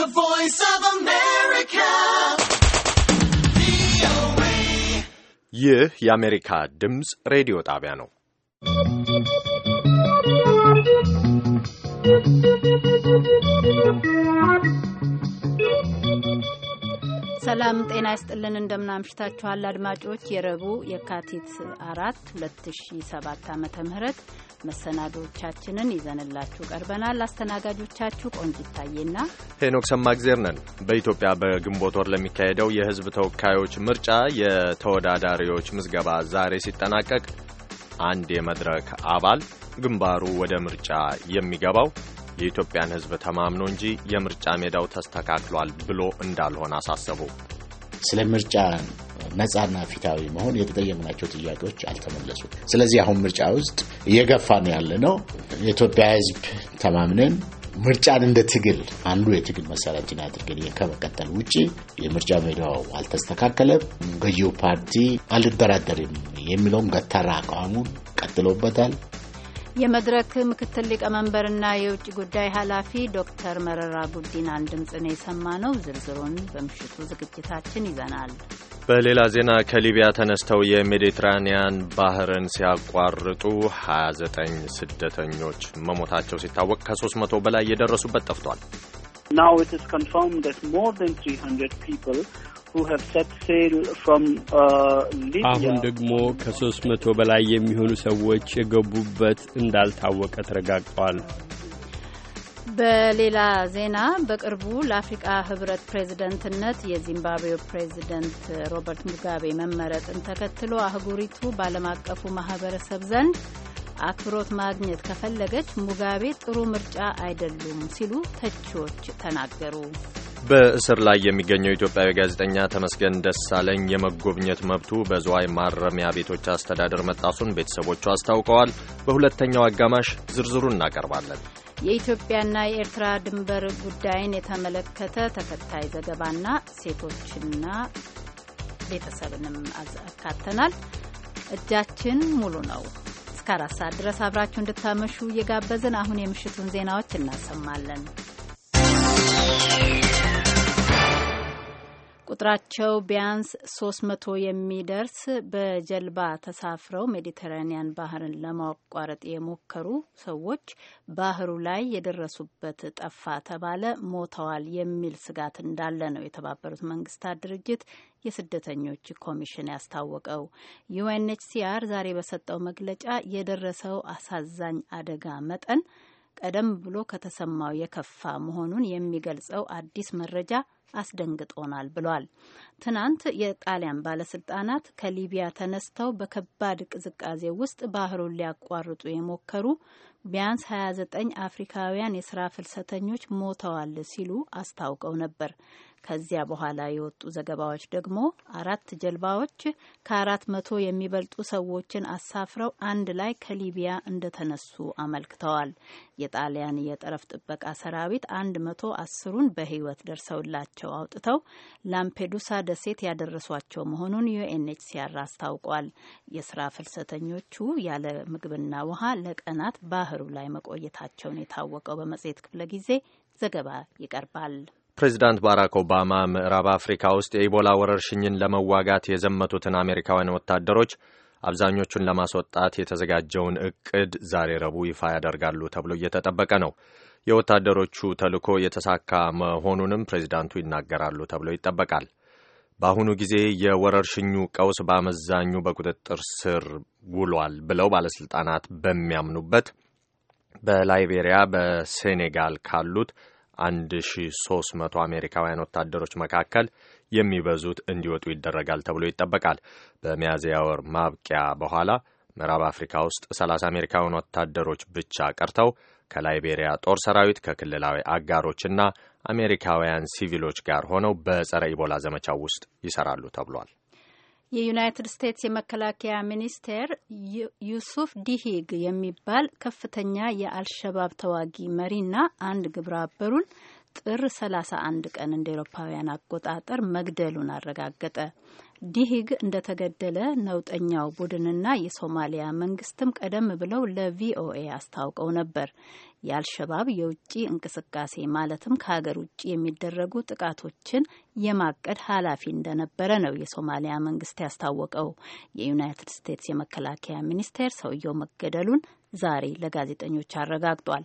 The Voice of America. ይህ የአሜሪካ ድምፅ ሬዲዮ ጣቢያ ነው። ሰላም ጤና ይስጥልን። እንደምናምሽታችኋል አድማጮች የረቡዕ የካቲት አራት 2007 ዓ ም መሰናዶቻችንን ይዘንላችሁ ቀርበናል። አስተናጋጆቻችሁ ቆንጅ ይታየና ሄኖክ ሰማግዜር ነን። በኢትዮጵያ በግንቦት ወር ለሚካሄደው የህዝብ ተወካዮች ምርጫ የተወዳዳሪዎች ምዝገባ ዛሬ ሲጠናቀቅ አንድ የመድረክ አባል ግንባሩ ወደ ምርጫ የሚገባው የኢትዮጵያን ህዝብ ተማምኖ እንጂ የምርጫ ሜዳው ተስተካክሏል ብሎ እንዳልሆነ አሳሰቡ። ስለ ምርጫ ነጻና ፊታዊ መሆን የተጠየቅናቸው ጥያቄዎች አልተመለሱ ስለዚህ አሁን ምርጫ ውስጥ እየገፋ ነው ያለ ነው። የኢትዮጵያ ሕዝብ ተማምነን ምርጫን እንደ ትግል አንዱ የትግል መሳሪያችን አድርገን ከመቀጠል ውጭ የምርጫ ሜዳው አልተስተካከለም። ገዢው ፓርቲ አልደራደርም የሚለውም ገተራ አቋሙን ቀጥሎበታል። የመድረክ ምክትል ሊቀመንበርና የውጭ ጉዳይ ኃላፊ ዶክተር መረራ ጉዲናን ድምፅ ነው የሰማነው። ዝርዝሩን በምሽቱ ዝግጅታችን ይዘናል። በሌላ ዜና ከሊቢያ ተነስተው የሜዲትራኒያን ባህርን ሲያቋርጡ 29 ስደተኞች መሞታቸው ሲታወቅ ከ300 በላይ የደረሱበት ጠፍቷል። uh, አሁን ደግሞ ከ300 በላይ የሚሆኑ ሰዎች የገቡበት እንዳልታወቀ ተረጋግጠዋል። በሌላ ዜና በቅርቡ ለአፍሪቃ ህብረት ፕሬዝደንትነት የዚምባብዌ ፕሬዝደንት ሮበርት ሙጋቤ መመረጥን ተከትሎ አህጉሪቱ በዓለም አቀፉ ማህበረሰብ ዘንድ አክብሮት ማግኘት ከፈለገች ሙጋቤ ጥሩ ምርጫ አይደሉም ሲሉ ተቺዎች ተናገሩ። በእስር ላይ የሚገኘው ኢትዮጵያዊ ጋዜጠኛ ተመስገን ደሳለኝ የመጎብኘት መብቱ በዝዋይ ማረሚያ ቤቶች አስተዳደር መጣሱን ቤተሰቦቹ አስታውቀዋል። በሁለተኛው አጋማሽ ዝርዝሩ እናቀርባለን። የኢትዮጵያና የኤርትራ ድንበር ጉዳይን የተመለከተ ተከታይ ዘገባና ሴቶችና ቤተሰብንም አካተናል። እጃችን ሙሉ ነው። እስከ አራት ሰዓት ድረስ አብራችሁ እንድታመሹ እየጋበዝን አሁን የምሽቱን ዜናዎች እናሰማለን። ቁጥራቸው ቢያንስ ሶስት መቶ የሚደርስ በጀልባ ተሳፍረው ሜዲተራኒያን ባህርን ለማቋረጥ የሞከሩ ሰዎች ባህሩ ላይ የደረሱበት ጠፋ ተባለ፣ ሞተዋል የሚል ስጋት እንዳለ ነው የተባበሩት መንግስታት ድርጅት የስደተኞች ኮሚሽን ያስታወቀው። ዩኤንኤችሲአር ዛሬ በሰጠው መግለጫ የደረሰው አሳዛኝ አደጋ መጠን ቀደም ብሎ ከተሰማው የከፋ መሆኑን የሚገልጸው አዲስ መረጃ አስደንግጦናል ብሏል። ትናንት የጣሊያን ባለስልጣናት ከሊቢያ ተነስተው በከባድ ቅዝቃዜ ውስጥ ባህሩን ሊያቋርጡ የሞከሩ ቢያንስ 29 አፍሪካውያን የስራ ፍልሰተኞች ሞተዋል ሲሉ አስታውቀው ነበር። ከዚያ በኋላ የወጡ ዘገባዎች ደግሞ አራት ጀልባዎች ከአራት መቶ የሚበልጡ ሰዎችን አሳፍረው አንድ ላይ ከሊቢያ እንደተነሱ አመልክተዋል። የጣሊያን የጠረፍ ጥበቃ ሰራዊት አንድ መቶ አስሩን በህይወት ደርሰውላቸው ከሀገራቸው አውጥተው ላምፔዱሳ ደሴት ያደረሷቸው መሆኑን ዩኤንኤችሲአር አስታውቋል። የስራ ፍልሰተኞቹ ያለ ምግብና ውሃ ለቀናት ባህሩ ላይ መቆየታቸውን የታወቀው በመጽሔት ክፍለ ጊዜ ዘገባ ይቀርባል። ፕሬዚዳንት ባራክ ኦባማ ምዕራብ አፍሪካ ውስጥ የኢቦላ ወረርሽኝን ለመዋጋት የዘመቱትን አሜሪካውያን ወታደሮች አብዛኞቹን ለማስወጣት የተዘጋጀውን እቅድ ዛሬ ረቡዕ ይፋ ያደርጋሉ ተብሎ እየተጠበቀ ነው። የወታደሮቹ ተልዕኮ የተሳካ መሆኑንም ፕሬዚዳንቱ ይናገራሉ ተብሎ ይጠበቃል። በአሁኑ ጊዜ የወረርሽኙ ቀውስ በአመዛኙ በቁጥጥር ስር ውሏል ብለው ባለሥልጣናት በሚያምኑበት በላይቤሪያ በሴኔጋል ካሉት 1300 አሜሪካውያን ወታደሮች መካከል የሚበዙት እንዲወጡ ይደረጋል ተብሎ ይጠበቃል። በሚያዝያ ወር ማብቂያ በኋላ ምዕራብ አፍሪካ ውስጥ 30 አሜሪካውያን ወታደሮች ብቻ ቀርተው ከላይቤሪያ ጦር ሰራዊት ከክልላዊ አጋሮችና አሜሪካውያን ሲቪሎች ጋር ሆነው በጸረ ኢቦላ ዘመቻው ውስጥ ይሰራሉ ተብሏል። የዩናይትድ ስቴትስ የመከላከያ ሚኒስቴር ዩሱፍ ዲሂግ የሚባል ከፍተኛ የአልሸባብ ተዋጊ መሪና አንድ ግብረ አበሩን ጥር 31 ቀን እንደ ኤሮፓውያን አቆጣጠር መግደሉን አረጋገጠ። ዲሂግ እንደተገደለ ነውጠኛው ቡድንና የሶማሊያ መንግስትም ቀደም ብለው ለቪኦኤ አስታውቀው ነበር። የአልሸባብ የውጭ እንቅስቃሴ ማለትም ከሀገር ውጭ የሚደረጉ ጥቃቶችን የማቀድ ኃላፊ እንደነበረ ነው የሶማሊያ መንግስት ያስታወቀው። የዩናይትድ ስቴትስ የመከላከያ ሚኒስቴር ሰውየው መገደሉን ዛሬ ለጋዜጠኞች አረጋግጧል።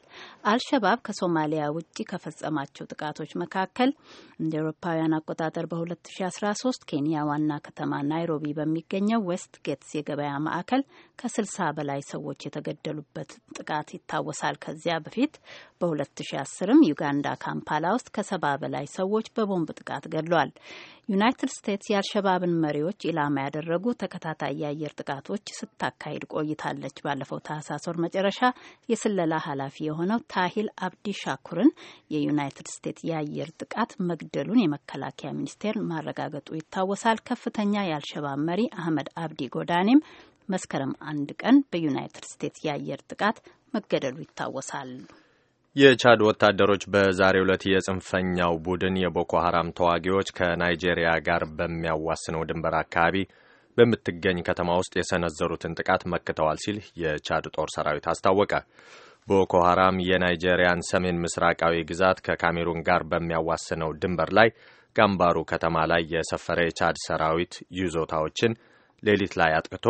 አልሸባብ ከሶማሊያ ውጭ ከፈጸማቸው ጥቃቶች መካከል እንደ ኤሮፓውያን አቆጣጠር በ2013 ኬንያ ዋና ከተማ ናይሮቢ በሚገኘው ዌስት ጌትስ የገበያ ማዕከል ከ60 በላይ ሰዎች የተገደሉበት ጥቃት ይታወሳል። ከዚያ በፊት በ2010ም ዩጋንዳ ካምፓላ ውስጥ ከሰባ በላይ ሰዎች በቦምብ ጥቃት ገድሏል። ዩናይትድ ስቴትስ የአልሸባብን መሪዎች ኢላማ ያደረጉ ተከታታይ የአየር ጥቃቶች ስታካሂድ ቆይታለች። ባለፈው ታህሳስ ወር መጨረሻ የስለላ ኃላፊ የሆነው ታሂል አብዲ ሻኩርን የዩናይትድ ስቴትስ የአየር ጥቃት መግደሉን የመከላከያ ሚኒስቴር ማረጋገጡ ይታወሳል። ከፍተኛ የአልሸባብ መሪ አህመድ አብዲ ጎዳኔም መስከረም አንድ ቀን በዩናይትድ ስቴትስ የአየር ጥቃት መገደሉ ይታወሳል። የቻድ ወታደሮች በዛሬው ዕለት የጽንፈኛው ቡድን የቦኮ ሀራም ተዋጊዎች ከናይጄሪያ ጋር በሚያዋስነው ድንበር አካባቢ በምትገኝ ከተማ ውስጥ የሰነዘሩትን ጥቃት መክተዋል ሲል የቻድ ጦር ሰራዊት አስታወቀ። ቦኮ ሐራም የናይጄሪያን ሰሜን ምስራቃዊ ግዛት ከካሜሩን ጋር በሚያዋስነው ድንበር ላይ ጋምባሩ ከተማ ላይ የሰፈረ የቻድ ሰራዊት ይዞታዎችን ሌሊት ላይ አጥቅቶ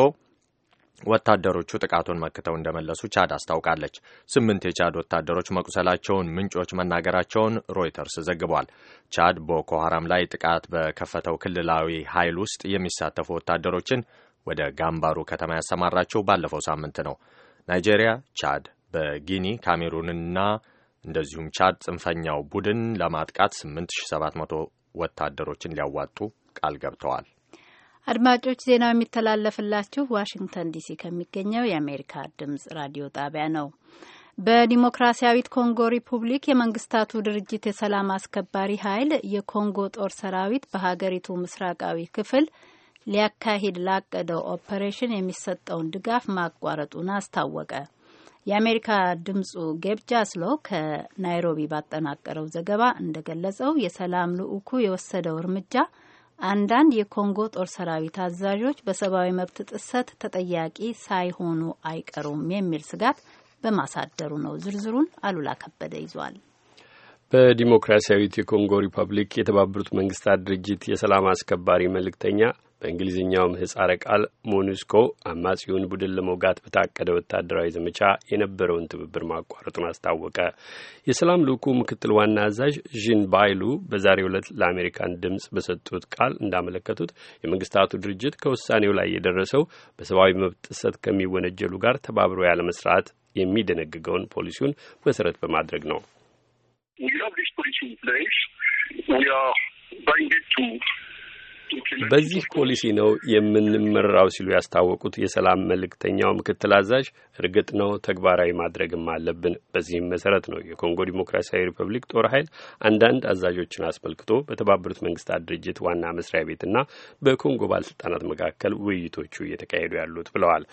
ወታደሮቹ ጥቃቱን መክተው እንደመለሱ ቻድ አስታውቃለች። ስምንት የቻድ ወታደሮች መቁሰላቸውን ምንጮች መናገራቸውን ሮይተርስ ዘግቧል። ቻድ ቦኮ ሀራም ላይ ጥቃት በከፈተው ክልላዊ ኃይል ውስጥ የሚሳተፉ ወታደሮችን ወደ ጋምባሩ ከተማ ያሰማራቸው ባለፈው ሳምንት ነው። ናይጄሪያ፣ ቻድ፣ በጊኒ ካሜሩንና እንደዚሁም ቻድ ጽንፈኛው ቡድን ለማጥቃት 8700 ወታደሮችን ሊያዋጡ ቃል ገብተዋል። አድማጮች ዜናው የሚተላለፍላችሁ ዋሽንግተን ዲሲ ከሚገኘው የአሜሪካ ድምጽ ራዲዮ ጣቢያ ነው። በዲሞክራሲያዊት ኮንጎ ሪፑብሊክ የመንግስታቱ ድርጅት የሰላም አስከባሪ ኃይል የኮንጎ ጦር ሰራዊት በሀገሪቱ ምስራቃዊ ክፍል ሊያካሂድ ላቀደው ኦፐሬሽን የሚሰጠውን ድጋፍ ማቋረጡን አስታወቀ። የአሜሪካ ድምጹ ጌብ ጃስሎ ከናይሮቢ ባጠናቀረው ዘገባ እንደገለጸው የሰላም ልዑኩ የወሰደው እርምጃ አንዳንድ የኮንጎ ጦር ሰራዊት አዛዦች በሰብአዊ መብት ጥሰት ተጠያቂ ሳይሆኑ አይቀሩም የሚል ስጋት በማሳደሩ ነው። ዝርዝሩን አሉላ ከበደ ይዟል። በዲሞክራሲያዊት የኮንጎ ሪፐብሊክ የተባበሩት መንግስታት ድርጅት የሰላም አስከባሪ መልእክተኛ በእንግሊዝኛው ምህጻረ ቃል ሞኑስኮ አማጺውን ቡድን ለመውጋት በታቀደ ወታደራዊ ዘመቻ የነበረውን ትብብር ማቋረጡን አስታወቀ። የሰላም ልዑኩ ምክትል ዋና አዛዥ ዥን ባይሉ በዛሬው ዕለት ለአሜሪካን ድምፅ በሰጡት ቃል እንዳመለከቱት የመንግስታቱ ድርጅት ከውሳኔው ላይ የደረሰው በሰብአዊ መብት ጥሰት ከሚወነጀሉ ጋር ተባብሮ ያለመስራት የሚደነግገውን ፖሊሲውን መሰረት በማድረግ ነው። በዚህ ፖሊሲ ነው የምንመራው ሲሉ ያስታወቁት የሰላም መልእክተኛው ምክትል አዛዥ እርግጥ ነው ተግባራዊ ማድረግም አለብን። በዚህም መሰረት ነው የኮንጎ ዲሞክራሲያዊ ሪፐብሊክ ጦር ኃይል አንዳንድ አዛዦችን አስመልክቶ በተባበሩት መንግስታት ድርጅት ዋና መስሪያ ቤትና በኮንጎ ባለስልጣናት መካከል ውይይቶቹ እየተካሄዱ ያሉት ብለዋል።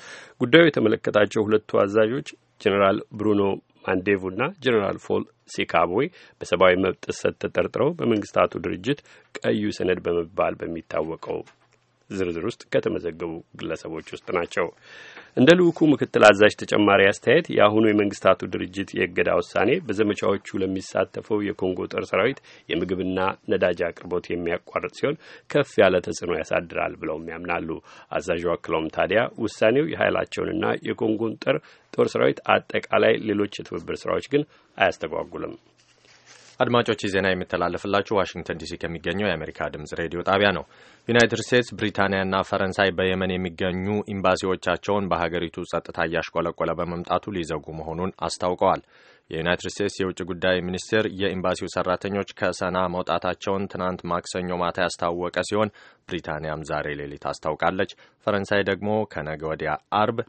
ጉዳዩ የተመለከታቸው ሁለቱ አዛዦች ጀኔራል ብሩኖ ና ጀኔራል ፎል ሲካቦይ በሰብአዊ መብት ጥሰት ተጠርጥረው በመንግስታቱ ድርጅት ቀዩ ሰነድ በመባል በሚታወቀው ዝርዝር ውስጥ ከተመዘገቡ ግለሰቦች ውስጥ ናቸው። እንደ ልዑኩ ምክትል አዛዥ ተጨማሪ አስተያየት የአሁኑ የመንግስታቱ ድርጅት የእገዳ ውሳኔ በዘመቻዎቹ ለሚሳተፈው የኮንጎ ጦር ሰራዊት የምግብና ነዳጅ አቅርቦት የሚያቋርጥ ሲሆን ከፍ ያለ ተጽዕኖ ያሳድራል ብለውም ያምናሉ። አዛዡ አክለውም ታዲያ ውሳኔው የኃይላቸውንና የኮንጎን ጦር ጦር ሰራዊት አጠቃላይ ሌሎች የትብብር ስራዎች ግን አያስተጓጉልም። አድማጮች ዜና የሚተላለፍላችሁ ዋሽንግተን ዲሲ ከሚገኘው የአሜሪካ ድምጽ ሬዲዮ ጣቢያ ነው። ዩናይትድ ስቴትስ ብሪታንያና ፈረንሳይ በየመን የሚገኙ ኤምባሲዎቻቸውን በሀገሪቱ ጸጥታ እያሽቆለቆለ በመምጣቱ ሊዘጉ መሆኑን አስታውቀዋል። የዩናይትድ ስቴትስ የውጭ ጉዳይ ሚኒስቴር የኤምባሲው ሰራተኞች ከሰና መውጣታቸውን ትናንት ማክሰኞ ማታ ያስታወቀ ሲሆን ብሪታንያም ዛሬ ሌሊት አስታውቃለች። ፈረንሳይ ደግሞ ከነገ ወዲያ አርብ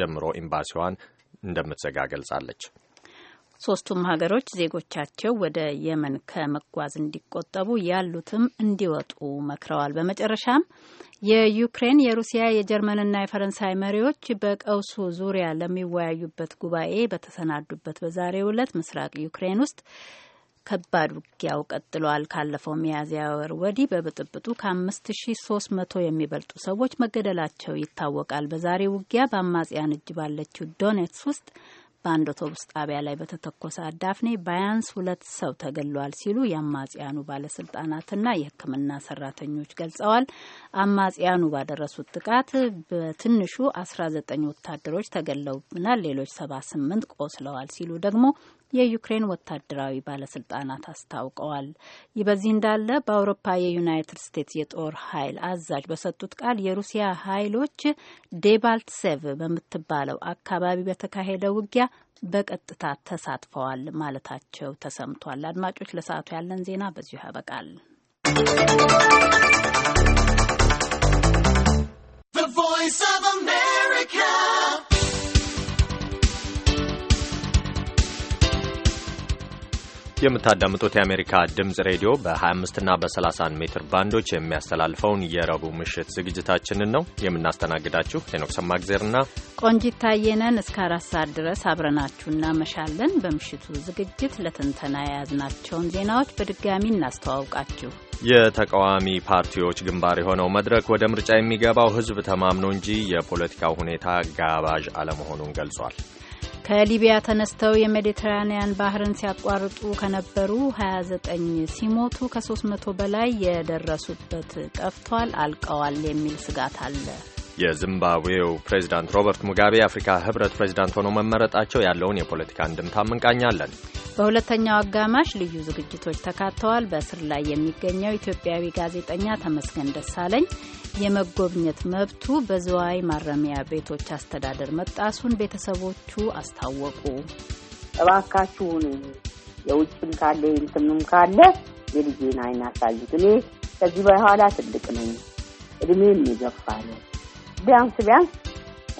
ጀምሮ ኤምባሲዋን እንደምትዘጋ ገልጻለች። ሶስቱም ሀገሮች ዜጎቻቸው ወደ የመን ከመጓዝ እንዲቆጠቡ ያሉትም እንዲወጡ መክረዋል። በመጨረሻም የዩክሬን፣ የሩሲያ፣ የጀርመንና የፈረንሳይ መሪዎች በቀውሱ ዙሪያ ለሚወያዩበት ጉባኤ በተሰናዱበት በዛሬው ዕለት ምስራቅ ዩክሬን ውስጥ ከባድ ውጊያው ቀጥሏል። ካለፈው ሚያዝያ ወር ወዲህ በብጥብጡ ከ5300 የሚበልጡ ሰዎች መገደላቸው ይታወቃል። በዛሬው ውጊያ በአማጽያን እጅ ባለችው ዶኔትስ ውስጥ በአንድ አውቶቡስ ጣቢያ ላይ በተተኮሰ አዳፍኔ ባያንስ ሁለት ሰው ተገሏል ሲሉ የአማጽያኑ ባለስልጣናትና የሕክምና ሰራተኞች ገልጸዋል። አማጽያኑ ባደረሱት ጥቃት በትንሹ አስራ ዘጠኝ ወታደሮች ተገለውብናል፣ ሌሎች ሰባ ስምንት ቆስለዋል ሲሉ ደግሞ የዩክሬን ወታደራዊ ባለስልጣናት አስታውቀዋል። ይህ በዚህ እንዳለ በአውሮፓ የዩናይትድ ስቴትስ የጦር ኃይል አዛዥ በሰጡት ቃል የሩሲያ ኃይሎች ዴባልትሴቭ በምትባለው አካባቢ በተካሄደ ውጊያ በቀጥታ ተሳትፈዋል ማለታቸው ተሰምቷል። አድማጮች፣ ለሰዓቱ ያለን ዜና በዚሁ ያበቃል። የምታዳምጡት የአሜሪካ ድምፅ ሬዲዮ በ25 እና በ31 ሜትር ባንዶች የሚያስተላልፈውን የረቡዕ ምሽት ዝግጅታችንን ነው የምናስተናግዳችሁ። ሄኖክ ሰማግዜርና ቆንጂት ታየ እስከ አራት ሰዓት ድረስ አብረናችሁ እናመሻለን። በምሽቱ ዝግጅት ለትንተና የያዝናቸውን ዜናዎች በድጋሚ እናስተዋውቃችሁ። የተቃዋሚ ፓርቲዎች ግንባር የሆነው መድረክ ወደ ምርጫ የሚገባው ሕዝብ ተማምኖ እንጂ የፖለቲካው ሁኔታ ጋባዥ አለመሆኑን ገልጿል። ከሊቢያ ተነስተው የሜዲትራኒያን ባህርን ሲያቋርጡ ከነበሩ 29 ሲሞቱ ከ300 በላይ የደረሱበት ጠፍቷል፣ አልቀዋል የሚል ስጋት አለ። የዚምባብዌው ፕሬዚዳንት ሮበርት ሙጋቤ የአፍሪካ ህብረት ፕሬዚዳንት ሆኖ መመረጣቸው ያለውን የፖለቲካ እንድምታ እንቃኛለን። በሁለተኛው አጋማሽ ልዩ ዝግጅቶች ተካተዋል። በእስር ላይ የሚገኘው ኢትዮጵያዊ ጋዜጠኛ ተመስገን ደሳለኝ የመጎብኘት መብቱ በዝዋይ ማረሚያ ቤቶች አስተዳደር መጣሱን ቤተሰቦቹ አስታወቁ። እባካችሁን የውጭም ካለ የእንትንም ካለ የልጄን አይን አሳዩት። እኔ ከዚህ በኋላ ትልቅ ነኝ፣ እድሜም የገፋ ነው ቢያንስ ቢያንስ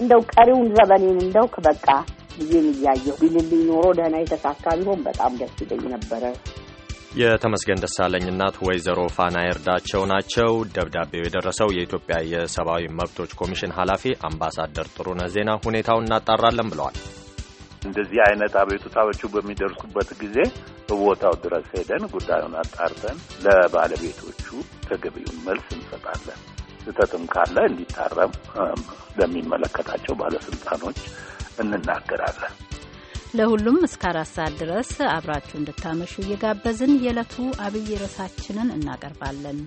እንደው ቀሪውን ዘመኔን እንደው ከበቃ ጊዜም እያየሁ ቢልልኝ ኖሮ ደህና የተሳካ ቢሆን በጣም ደስ ይለኝ ነበረ። የተመስገን ደሳለኝ እናት ወይዘሮ ፋና ይርዳቸው ናቸው። ደብዳቤው የደረሰው የኢትዮጵያ የሰብአዊ መብቶች ኮሚሽን ኃላፊ አምባሳደር ጥሩነህ ዜና ሁኔታውን እናጣራለን ብለዋል። እንደዚህ አይነት አቤቱታዎቹ በሚደርሱበት ጊዜ በቦታው ድረስ ሄደን ጉዳዩን አጣርተን ለባለቤቶቹ ተገቢውን መልስ እንሰጣለን። ስህተትም ካለ እንዲታረም ለሚመለከታቸው ባለስልጣኖች እንናገራለን። ለሁሉም እስከ አራት ሰዓት ድረስ አብራችሁ እንድታመሹ እየጋበዝን የዕለቱ አብይ ርዕሳችንን እናቀርባለን።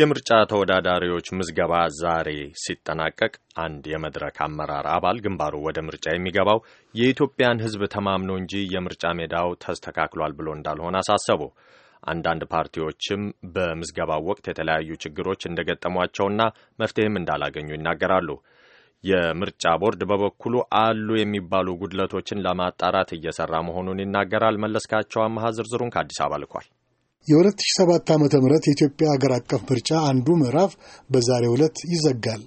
የምርጫ ተወዳዳሪዎች ምዝገባ ዛሬ ሲጠናቀቅ አንድ የመድረክ አመራር አባል ግንባሩ ወደ ምርጫ የሚገባው የኢትዮጵያን ሕዝብ ተማምኖ እንጂ የምርጫ ሜዳው ተስተካክሏል ብሎ እንዳልሆነ አሳሰቡ። አንዳንድ ፓርቲዎችም በምዝገባው ወቅት የተለያዩ ችግሮች እንደገጠሟቸውና መፍትሄም እንዳላገኙ ይናገራሉ። የምርጫ ቦርድ በበኩሉ አሉ የሚባሉ ጉድለቶችን ለማጣራት እየሰራ መሆኑን ይናገራል። መለስካቸው አመሀ ዝርዝሩን ከአዲስ አበባ ልኳል። የ2007 ዓ ም የኢትዮጵያ አገር አቀፍ ምርጫ አንዱ ምዕራፍ በዛሬው ዕለት ይዘጋል።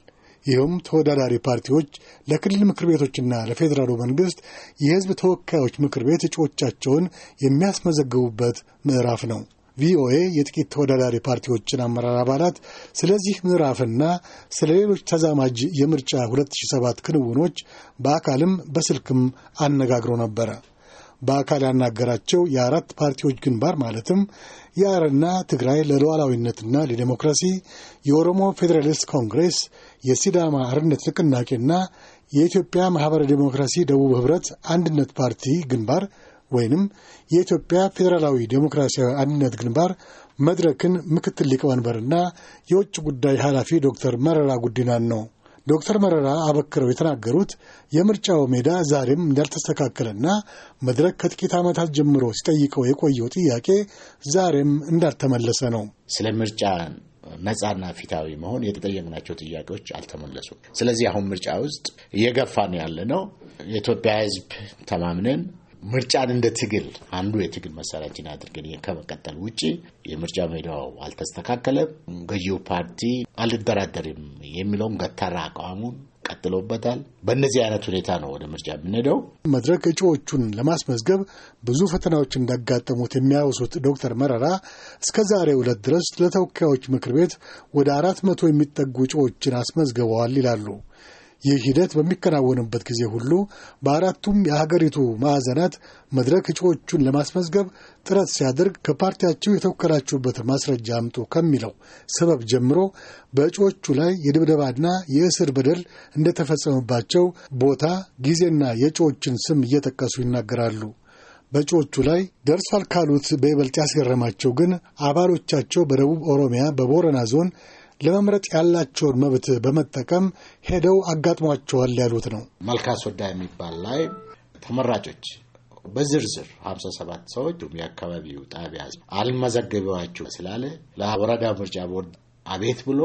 ይህም ተወዳዳሪ ፓርቲዎች ለክልል ምክር ቤቶችና ለፌዴራሉ መንግስት የህዝብ ተወካዮች ምክር ቤት እጩዎቻቸውን የሚያስመዘግቡበት ምዕራፍ ነው። ቪኦኤ የጥቂት ተወዳዳሪ ፓርቲዎችን አመራር አባላት ስለዚህ ምዕራፍና ስለ ሌሎች ተዛማጅ የምርጫ 2007 ክንውኖች በአካልም በስልክም አነጋግሮ ነበረ። በአካል ያናገራቸው የአራት ፓርቲዎች ግንባር ማለትም የአረና ትግራይ ለሉዓላዊነትና ለዲሞክራሲ፣ የኦሮሞ ፌዴራሊስት ኮንግሬስ፣ የሲዳማ አርነት ንቅናቄና የኢትዮጵያ ማኅበረ ዴሞክራሲ ደቡብ ኅብረት አንድነት ፓርቲ ግንባር ወይንም የኢትዮጵያ ፌዴራላዊ ዴሞክራሲያዊ አንድነት ግንባር መድረክን ምክትል ሊቀመንበርና የውጭ ጉዳይ ኃላፊ ዶክተር መረራ ጉዲናን ነው። ዶክተር መረራ አበክረው የተናገሩት የምርጫው ሜዳ ዛሬም እንዳልተስተካከለና መድረክ ከጥቂት ዓመታት ጀምሮ ሲጠይቀው የቆየው ጥያቄ ዛሬም እንዳልተመለሰ ነው። ስለ ምርጫ ነፃና ፊታዊ መሆን የተጠየቅናቸው ጥያቄዎች አልተመለሱም። ስለዚህ አሁን ምርጫ ውስጥ እየገፋን ያለ ነው። የኢትዮጵያ ሕዝብ ተማምነን ምርጫን እንደ ትግል አንዱ የትግል መሳሪያችን አድርገን ከመቀጠል ውጭ የምርጫ ሜዳው አልተስተካከለም። ገዢው ፓርቲ አልደራደርም የሚለውን ገታራ አቋሙን ቀጥሎበታል በእነዚህ አይነት ሁኔታ ነው ወደ ምርጫ የምንሄደው። መድረክ እጩዎቹን ለማስመዝገብ ብዙ ፈተናዎች እንዳጋጠሙት የሚያወሱት ዶክተር መረራ እስከ ዛሬ ዕለት ድረስ ለተወካዮች ምክር ቤት ወደ አራት መቶ የሚጠጉ እጩዎችን አስመዝግበዋል ይላሉ። ይህ ሂደት በሚከናወንበት ጊዜ ሁሉ በአራቱም የሀገሪቱ ማዕዘናት መድረክ እጩዎቹን ለማስመዝገብ ጥረት ሲያደርግ ከፓርቲያቸው የተወከላችሁበትን ማስረጃ አምጡ ከሚለው ሰበብ ጀምሮ በእጩዎቹ ላይ የድብደባና የእስር በደል እንደተፈጸመባቸው ቦታ፣ ጊዜና የእጩዎችን ስም እየጠቀሱ ይናገራሉ። በእጩዎቹ ላይ ደርሷል ካሉት በይበልጥ ያስገረማቸው ግን አባሎቻቸው በደቡብ ኦሮሚያ በቦረና ዞን ለመምረጥ ያላቸውን መብት በመጠቀም ሄደው አጋጥሟቸዋል ያሉት ነው። መልካስ ወዳ የሚባል ላይ ተመራጮች በዝርዝር 57 ሰዎች የአካባቢው ጣቢያ አልመዘገቢዋቸው ስላለ ለወረዳ ምርጫ ቦርድ አቤት ብሎ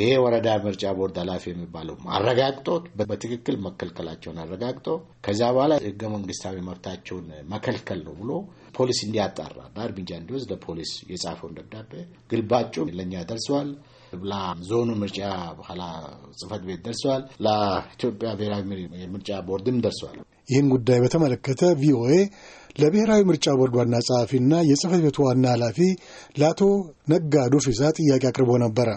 ይሄ ወረዳ ምርጫ ቦርድ ኃላፊ የሚባለው አረጋግጦ በትክክል መከልከላቸውን አረጋግጦ ከዛ በኋላ ህገ መንግስታዊ መብታቸውን መከልከል ነው ብሎ ፖሊስ እንዲያጣራና እርምጃ እንዲወስድ ለፖሊስ የጻፈውን ደብዳቤ ግልባጩ ለእኛ ደርሰዋል። ብላ ዞኑ ምርጫ በኋላ ጽህፈት ቤት ደርሰዋል። ለኢትዮጵያ ብሔራዊ ምርጫ ቦርድም ደርሰዋል። ይህን ጉዳይ በተመለከተ ቪኦኤ ለብሔራዊ ምርጫ ቦርድ ዋና ጸሐፊና የጽህፈት ቤቱ ዋና ኃላፊ ለአቶ ነጋ ዱፊሳ ጥያቄ አቅርቦ ነበረ።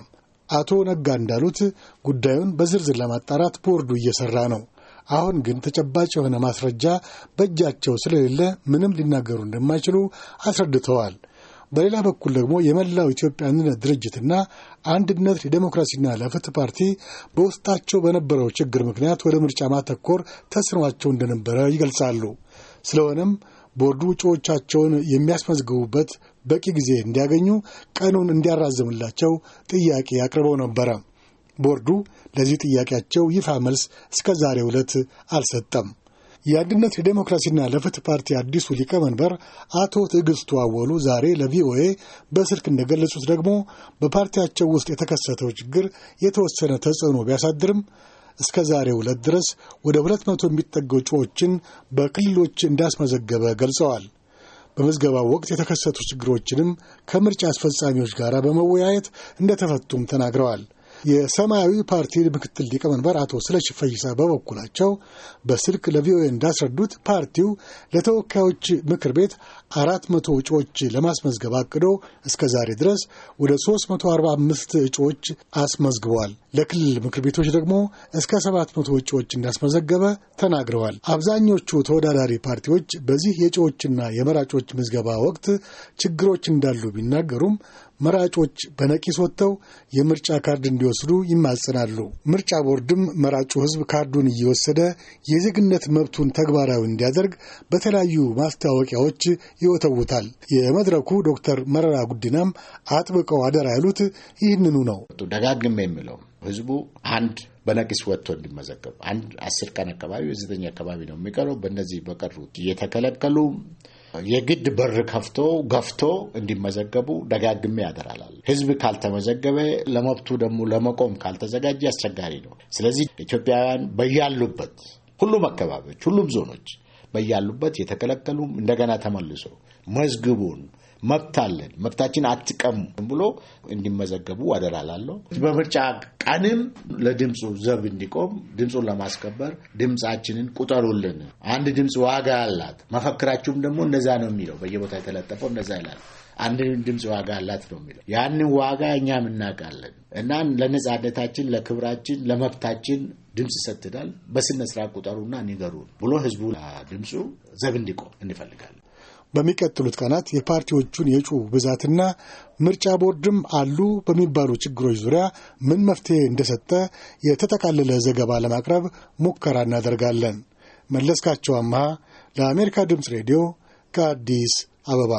አቶ ነጋ እንዳሉት ጉዳዩን በዝርዝር ለማጣራት ቦርዱ እየሰራ ነው። አሁን ግን ተጨባጭ የሆነ ማስረጃ በእጃቸው ስለሌለ ምንም ሊናገሩ እንደማይችሉ አስረድተዋል። በሌላ በኩል ደግሞ የመላው ኢትዮጵያ አንድነት ድርጅትና አንድነት ለዴሞክራሲና ለፍትህ ፓርቲ በውስጣቸው በነበረው ችግር ምክንያት ወደ ምርጫ ማተኮር ተስኗቸው እንደነበረ ይገልጻሉ። ስለሆነም ቦርዱ እጩዎቻቸውን የሚያስመዝግቡበት በቂ ጊዜ እንዲያገኙ ቀኑን እንዲያራዝምላቸው ጥያቄ አቅርበው ነበረ። ቦርዱ ለዚህ ጥያቄያቸው ይፋ መልስ እስከ ዛሬ ዕለት አልሰጠም። የአንድነት ለዴሞክራሲና ለፍትህ ፓርቲ አዲሱ ሊቀመንበር አቶ ትዕግስቱ አወሉ ዛሬ ለቪኦኤ በስልክ እንደገለጹት ደግሞ በፓርቲያቸው ውስጥ የተከሰተው ችግር የተወሰነ ተጽዕኖ ቢያሳድርም እስከ ዛሬ ዕለት ድረስ ወደ ሁለት መቶ የሚጠጉ እጩዎችን በክልሎች እንዳስመዘገበ ገልጸዋል። በምዝገባው ወቅት የተከሰቱ ችግሮችንም ከምርጫ አስፈጻሚዎች ጋር በመወያየት እንደተፈቱም ተናግረዋል። የሰማያዊ ፓርቲ ምክትል ሊቀመንበር አቶ ስለሽ ፈይሳ በበኩላቸው በስልክ ለቪኦኤ እንዳስረዱት ፓርቲው ለተወካዮች ምክር ቤት አራት መቶ እጩዎች ለማስመዝገብ አቅዶ እስከ ዛሬ ድረስ ወደ 345 እጩዎች አስመዝግቧል። ለክልል ምክር ቤቶች ደግሞ እስከ 700 እጩዎች እንዳስመዘገበ ተናግረዋል። አብዛኞቹ ተወዳዳሪ ፓርቲዎች በዚህ የእጩዎችና የመራጮች ምዝገባ ወቅት ችግሮች እንዳሉ ቢናገሩም መራጮች በነቂስ ወጥተው የምርጫ ካርድ እንዲወስዱ ይማጸናሉ። ምርጫ ቦርድም መራጩ ሕዝብ ካርዱን እየወሰደ የዜግነት መብቱን ተግባራዊ እንዲያደርግ በተለያዩ ማስታወቂያዎች ይወተውታል። የመድረኩ ዶክተር መረራ ጉዲናም አጥብቀው አደራ ያሉት ይህንኑ ነው። ደጋግሜ የሚለው ሕዝቡ አንድ በነቂስ ወጥቶ እንዲመዘገብ አንድ አስር ቀን አካባቢ ዘጠኝ አካባቢ ነው የሚቀረው። በእነዚህ በቀሩት እየተከለከሉ የግድ በር ከፍቶ ገፍቶ እንዲመዘገቡ ደጋግሜ ያደራላል። ህዝብ ካልተመዘገበ ለመብቱ ደግሞ ለመቆም ካልተዘጋጀ አስቸጋሪ ነው። ስለዚህ ኢትዮጵያውያን በያሉበት ሁሉም አካባቢዎች፣ ሁሉም ዞኖች በያሉበት የተከለከሉም እንደገና ተመልሶ መዝግቡን መብት አለን፣ መብታችን አትቀሙ ብሎ እንዲመዘገቡ አደራ እላለሁ። በምርጫ ቀንም ለድምፁ ዘብ እንዲቆም ድምፁን ለማስከበር ድምፃችንን ቁጠሩልን። አንድ ድምፅ ዋጋ አላት። መፈክራችሁም ደግሞ እነዛ ነው የሚለው በየቦታ የተለጠፈው እነዛ ይላል። አንድ ድምፅ ዋጋ አላት ነው የሚለው። ያንን ዋጋ እኛም እናውቃለን እና ለነፃነታችን፣ ለክብራችን፣ ለመብታችን ድምፅ ሰትዳል በስነ ስርዓት ቁጠሩና ንገሩን ብሎ ህዝቡ ድምፁ ዘብ እንዲቆም እንፈልጋለን። በሚቀጥሉት ቀናት የፓርቲዎቹን የእጩ ብዛትና ምርጫ ቦርድም አሉ በሚባሉ ችግሮች ዙሪያ ምን መፍትሄ እንደሰጠ የተጠቃለለ ዘገባ ለማቅረብ ሙከራ እናደርጋለን። መለስካቸው አምሃ ለአሜሪካ ድምፅ ሬዲዮ ከአዲስ አበባ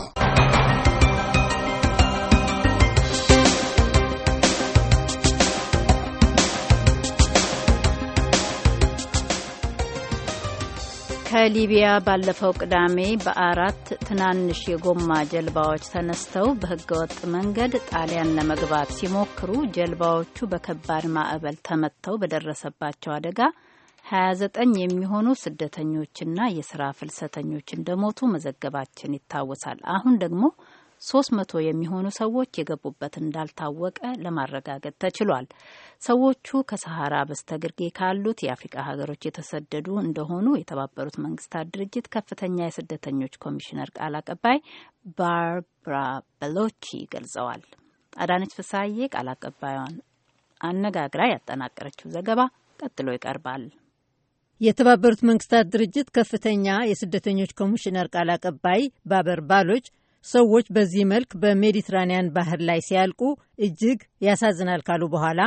ከሊቢያ ባለፈው ቅዳሜ በአራት ትናንሽ የጎማ ጀልባዎች ተነስተው በህገወጥ መንገድ ጣሊያን ለመግባት ሲሞክሩ ጀልባዎቹ በከባድ ማዕበል ተመትተው በደረሰባቸው አደጋ 29 የሚሆኑ ስደተኞችና የስራ ፍልሰተኞች እንደሞቱ መዘገባችን ይታወሳል። አሁን ደግሞ ሶስት መቶ የሚሆኑ ሰዎች የገቡበት እንዳልታወቀ ለማረጋገጥ ተችሏል። ሰዎቹ ከሰሃራ በስተግርጌ ካሉት የአፍሪቃ ሀገሮች የተሰደዱ እንደሆኑ የተባበሩት መንግስታት ድርጅት ከፍተኛ የስደተኞች ኮሚሽነር ቃል አቀባይ ባርብራ በሎቺ ገልጸዋል። አዳነች ፍሳዬ ቃል አቀባዩን አነጋግራ ያጠናቀረችው ዘገባ ቀጥሎ ይቀርባል። የተባበሩት መንግስታት ድርጅት ከፍተኛ የስደተኞች ኮሚሽነር ቃል አቀባይ ባበር ባሎች ሰዎች በዚህ መልክ በሜዲትራንያን ባህር ላይ ሲያልቁ እጅግ ያሳዝናል ካሉ በኋላ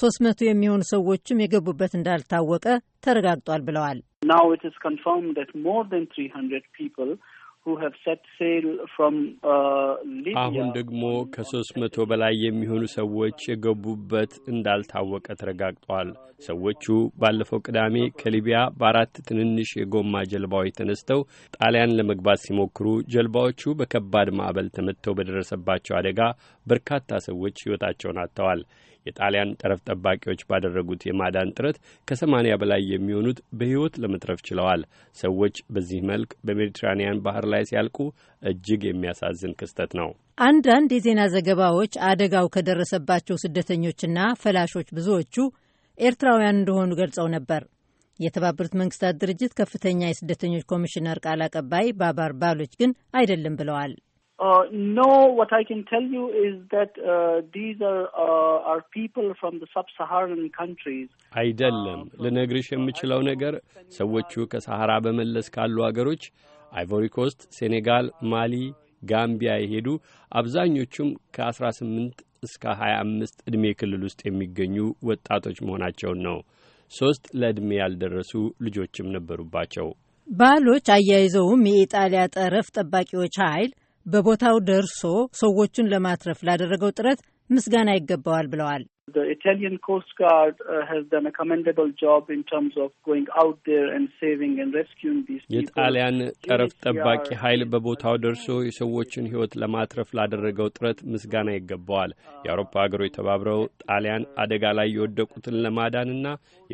ሶስት መቶ የሚሆኑ ሰዎችም የገቡበት እንዳልታወቀ ተረጋግጧል ብለዋል። Uh, አሁን ደግሞ ከሶስት መቶ በላይ የሚሆኑ ሰዎች የገቡበት እንዳልታወቀ ተረጋግጧል። ሰዎቹ ባለፈው ቅዳሜ ከሊቢያ በአራት ትንንሽ የጎማ ጀልባዎች ተነስተው ጣሊያን ለመግባት ሲሞክሩ ጀልባዎቹ በከባድ ማዕበል ተመትተው በደረሰባቸው አደጋ በርካታ ሰዎች ሕይወታቸውን አጥተዋል። የጣሊያን ጠረፍ ጠባቂዎች ባደረጉት የማዳን ጥረት ከሰማኒያ በላይ የሚሆኑት በሕይወት ለመትረፍ ችለዋል። ሰዎች በዚህ መልክ በሜዲትራኒያን ባህር ላይ ሲያልቁ እጅግ የሚያሳዝን ክስተት ነው። አንዳንድ የዜና ዘገባዎች አደጋው ከደረሰባቸው ስደተኞችና ፈላሾች ብዙዎቹ ኤርትራውያን እንደሆኑ ገልጸው ነበር። የተባበሩት መንግስታት ድርጅት ከፍተኛ የስደተኞች ኮሚሽነር ቃል አቀባይ ባባር ባሎች ግን አይደለም ብለዋል። Uh, no, what I can tell you is that uh, these are uh, are people from the sub-Saharan countries. አይደለም uh, ልነግርሽ uh, የምችለው ነገር ሰዎቹ ከሳሐራ በመለስ ካሉ አገሮች ኮስት ሴኔጋል፣ ማሊ፣ ጋምቢያ የሄዱ አብዛኞቹም ከ18 እስከ 25 ዕድሜ ክልል ውስጥ የሚገኙ ወጣቶች መሆናቸውን ነው። ሦስት ለዕድሜ ያልደረሱ ልጆችም ነበሩባቸው። ባሎች አያይዘውም የኢጣሊያ ጠረፍ ጠባቂዎች ኃይል በቦታው ደርሶ ሰዎቹን ለማትረፍ ላደረገው ጥረት ምስጋና ይገባዋል ብለዋል። The Italian Coast Guard uh, has done a commendable job in terms of going out there and saving and rescuing these people. የጣሊያን ጠረፍ ጠባቂ ኃይል በቦታው ደርሶ የሰዎችን ሕይወት ለማትረፍ ላደረገው ጥረት ምስጋና ይገባዋል። የአውሮፓ ሀገሮች ተባብረው ጣሊያን አደጋ ላይ የወደቁትን ለማዳንና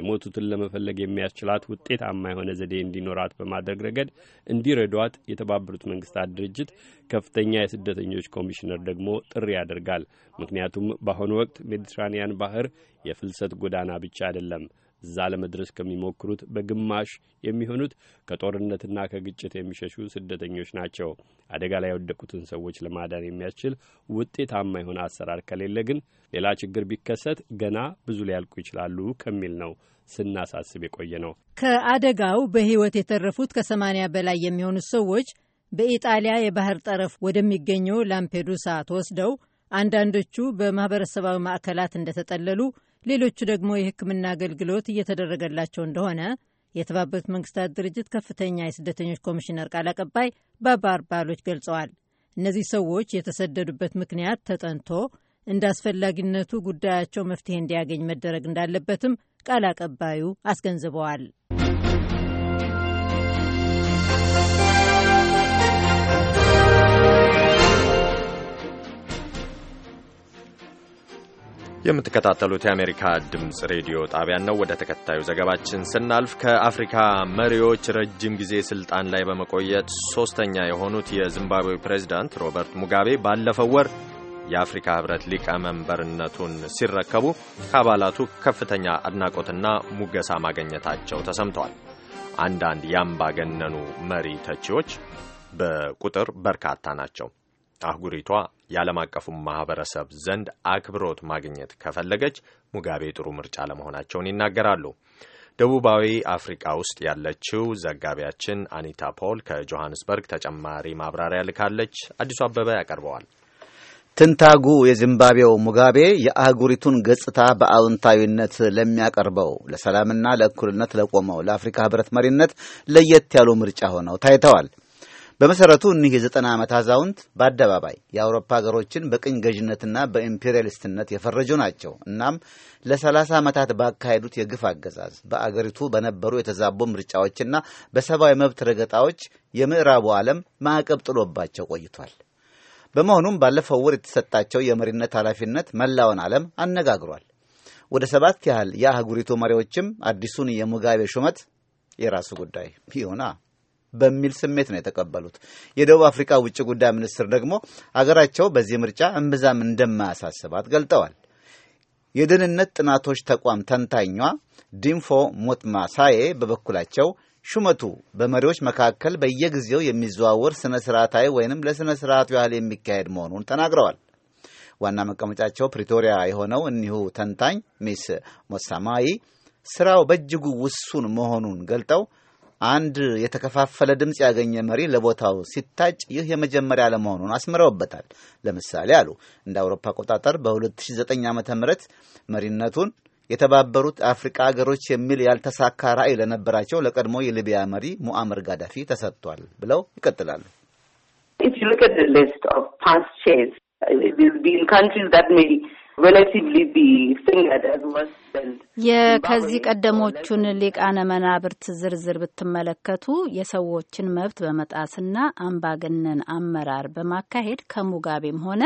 የሞቱትን ለመፈለግ የሚያስችላት ውጤታማ የሆነ ዘዴ እንዲኖራት በማድረግ ረገድ እንዲረዷት የተባበሩት መንግስታት ድርጅት ከፍተኛ የስደተኞች ኮሚሽነር ደግሞ ጥሪ ያደርጋል። ምክንያቱም በአሁኑ ወቅት ሜዲትራንያን ባህር የፍልሰት ጎዳና ብቻ አይደለም። እዛ ለመድረስ ከሚሞክሩት በግማሽ የሚሆኑት ከጦርነትና ከግጭት የሚሸሹ ስደተኞች ናቸው። አደጋ ላይ የወደቁትን ሰዎች ለማዳን የሚያስችል ውጤታማ የሆነ አሰራር ከሌለ ግን ሌላ ችግር ቢከሰት ገና ብዙ ሊያልቁ ይችላሉ ከሚል ነው ስናሳስብ የቆየ ነው። ከአደጋው በሕይወት የተረፉት ከሰማንያ በላይ የሚሆኑት ሰዎች በኢጣሊያ የባህር ጠረፍ ወደሚገኘው ላምፔዱሳ ተወስደው አንዳንዶቹ በማህበረሰባዊ ማዕከላት እንደተጠለሉ፣ ሌሎቹ ደግሞ የሕክምና አገልግሎት እየተደረገላቸው እንደሆነ የተባበሩት መንግስታት ድርጅት ከፍተኛ የስደተኞች ኮሚሽነር ቃል አቀባይ ባባር ባሎች ገልጸዋል። እነዚህ ሰዎች የተሰደዱበት ምክንያት ተጠንቶ እንደ አስፈላጊነቱ ጉዳያቸው መፍትሄ እንዲያገኝ መደረግ እንዳለበትም ቃል አቀባዩ አስገንዝበዋል። የምትከታተሉት የአሜሪካ ድምፅ ሬዲዮ ጣቢያን ነው። ወደ ተከታዩ ዘገባችን ስናልፍ ከአፍሪካ መሪዎች ረጅም ጊዜ ስልጣን ላይ በመቆየት ሶስተኛ የሆኑት የዚምባብዌ ፕሬዚዳንት ሮበርት ሙጋቤ ባለፈው ወር የአፍሪካ ህብረት ሊቀመንበርነቱን ሲረከቡ ከአባላቱ ከፍተኛ አድናቆትና ሙገሳ ማግኘታቸው ተሰምተዋል። አንዳንድ ያምባገነኑ መሪ ተቺዎች በቁጥር በርካታ ናቸው። አህጉሪቷ የዓለም አቀፉን ማህበረሰብ ዘንድ አክብሮት ማግኘት ከፈለገች ሙጋቤ ጥሩ ምርጫ ለመሆናቸውን ይናገራሉ። ደቡባዊ አፍሪካ ውስጥ ያለችው ዘጋቢያችን አኒታ ፖል ከጆሃንስበርግ ተጨማሪ ማብራሪያ ልካለች። አዲሱ አበበ ያቀርበዋል። ትንታጉ የዚምባብዌው ሙጋቤ የአህጉሪቱን ገጽታ በአዎንታዊነት ለሚያቀርበው ለሰላምና ለእኩልነት ለቆመው ለአፍሪካ ህብረት መሪነት ለየት ያሉ ምርጫ ሆነው ታይተዋል። በመሰረቱ እኒህ የዘጠና ዓመት አዛውንት በአደባባይ የአውሮፓ ሀገሮችን በቅኝ ገዥነትና በኢምፔሪያሊስትነት የፈረጁ ናቸው። እናም ለሰላሳ ዓመታት ባካሄዱት የግፍ አገዛዝ በአገሪቱ በነበሩ የተዛቡ ምርጫዎችና በሰብአዊ መብት ረገጣዎች የምዕራቡ ዓለም ማዕቀብ ጥሎባቸው ቆይቷል። በመሆኑም ባለፈው ወር የተሰጣቸው የመሪነት ኃላፊነት መላውን ዓለም አነጋግሯል። ወደ ሰባት ያህል የአህጉሪቱ መሪዎችም አዲሱን የሙጋቤ ሹመት የራሱ ጉዳይ ይሆና በሚል ስሜት ነው የተቀበሉት። የደቡብ አፍሪካ ውጭ ጉዳይ ሚኒስትር ደግሞ አገራቸው በዚህ ምርጫ እምብዛም እንደማያሳስባት ገልጠዋል። የደህንነት ጥናቶች ተቋም ተንታኟ ዲምፎ ሞትማሳዬ በበኩላቸው ሹመቱ በመሪዎች መካከል በየጊዜው የሚዘዋወር ስነ ስርዓታዊ ወይንም ለስነ ስርዓቱ ያህል የሚካሄድ መሆኑን ተናግረዋል። ዋና መቀመጫቸው ፕሪቶሪያ የሆነው እኒሁ ተንታኝ ሚስ ሞሳማይ ስራው በእጅጉ ውሱን መሆኑን ገልጠው አንድ የተከፋፈለ ድምፅ ያገኘ መሪ ለቦታው ሲታጭ ይህ የመጀመሪያ ለመሆኑን አስምረውበታል። ለምሳሌ አሉ እንደ አውሮፓ አቆጣጠር በ2009 ዓ ም መሪነቱን የተባበሩት አፍሪቃ ሀገሮች የሚል ያልተሳካ ራዕይ ለነበራቸው ለቀድሞ የሊቢያ መሪ ሙአምር ጋዳፊ ተሰጥቷል ብለው ይቀጥላሉ። የከዚህ ቀደሞቹን ሊቃነ መናብርት ዝርዝር ብትመለከቱ የሰዎችን መብት በመጣስና አምባገነን አመራር በማካሄድ ከሙጋቤም ሆነ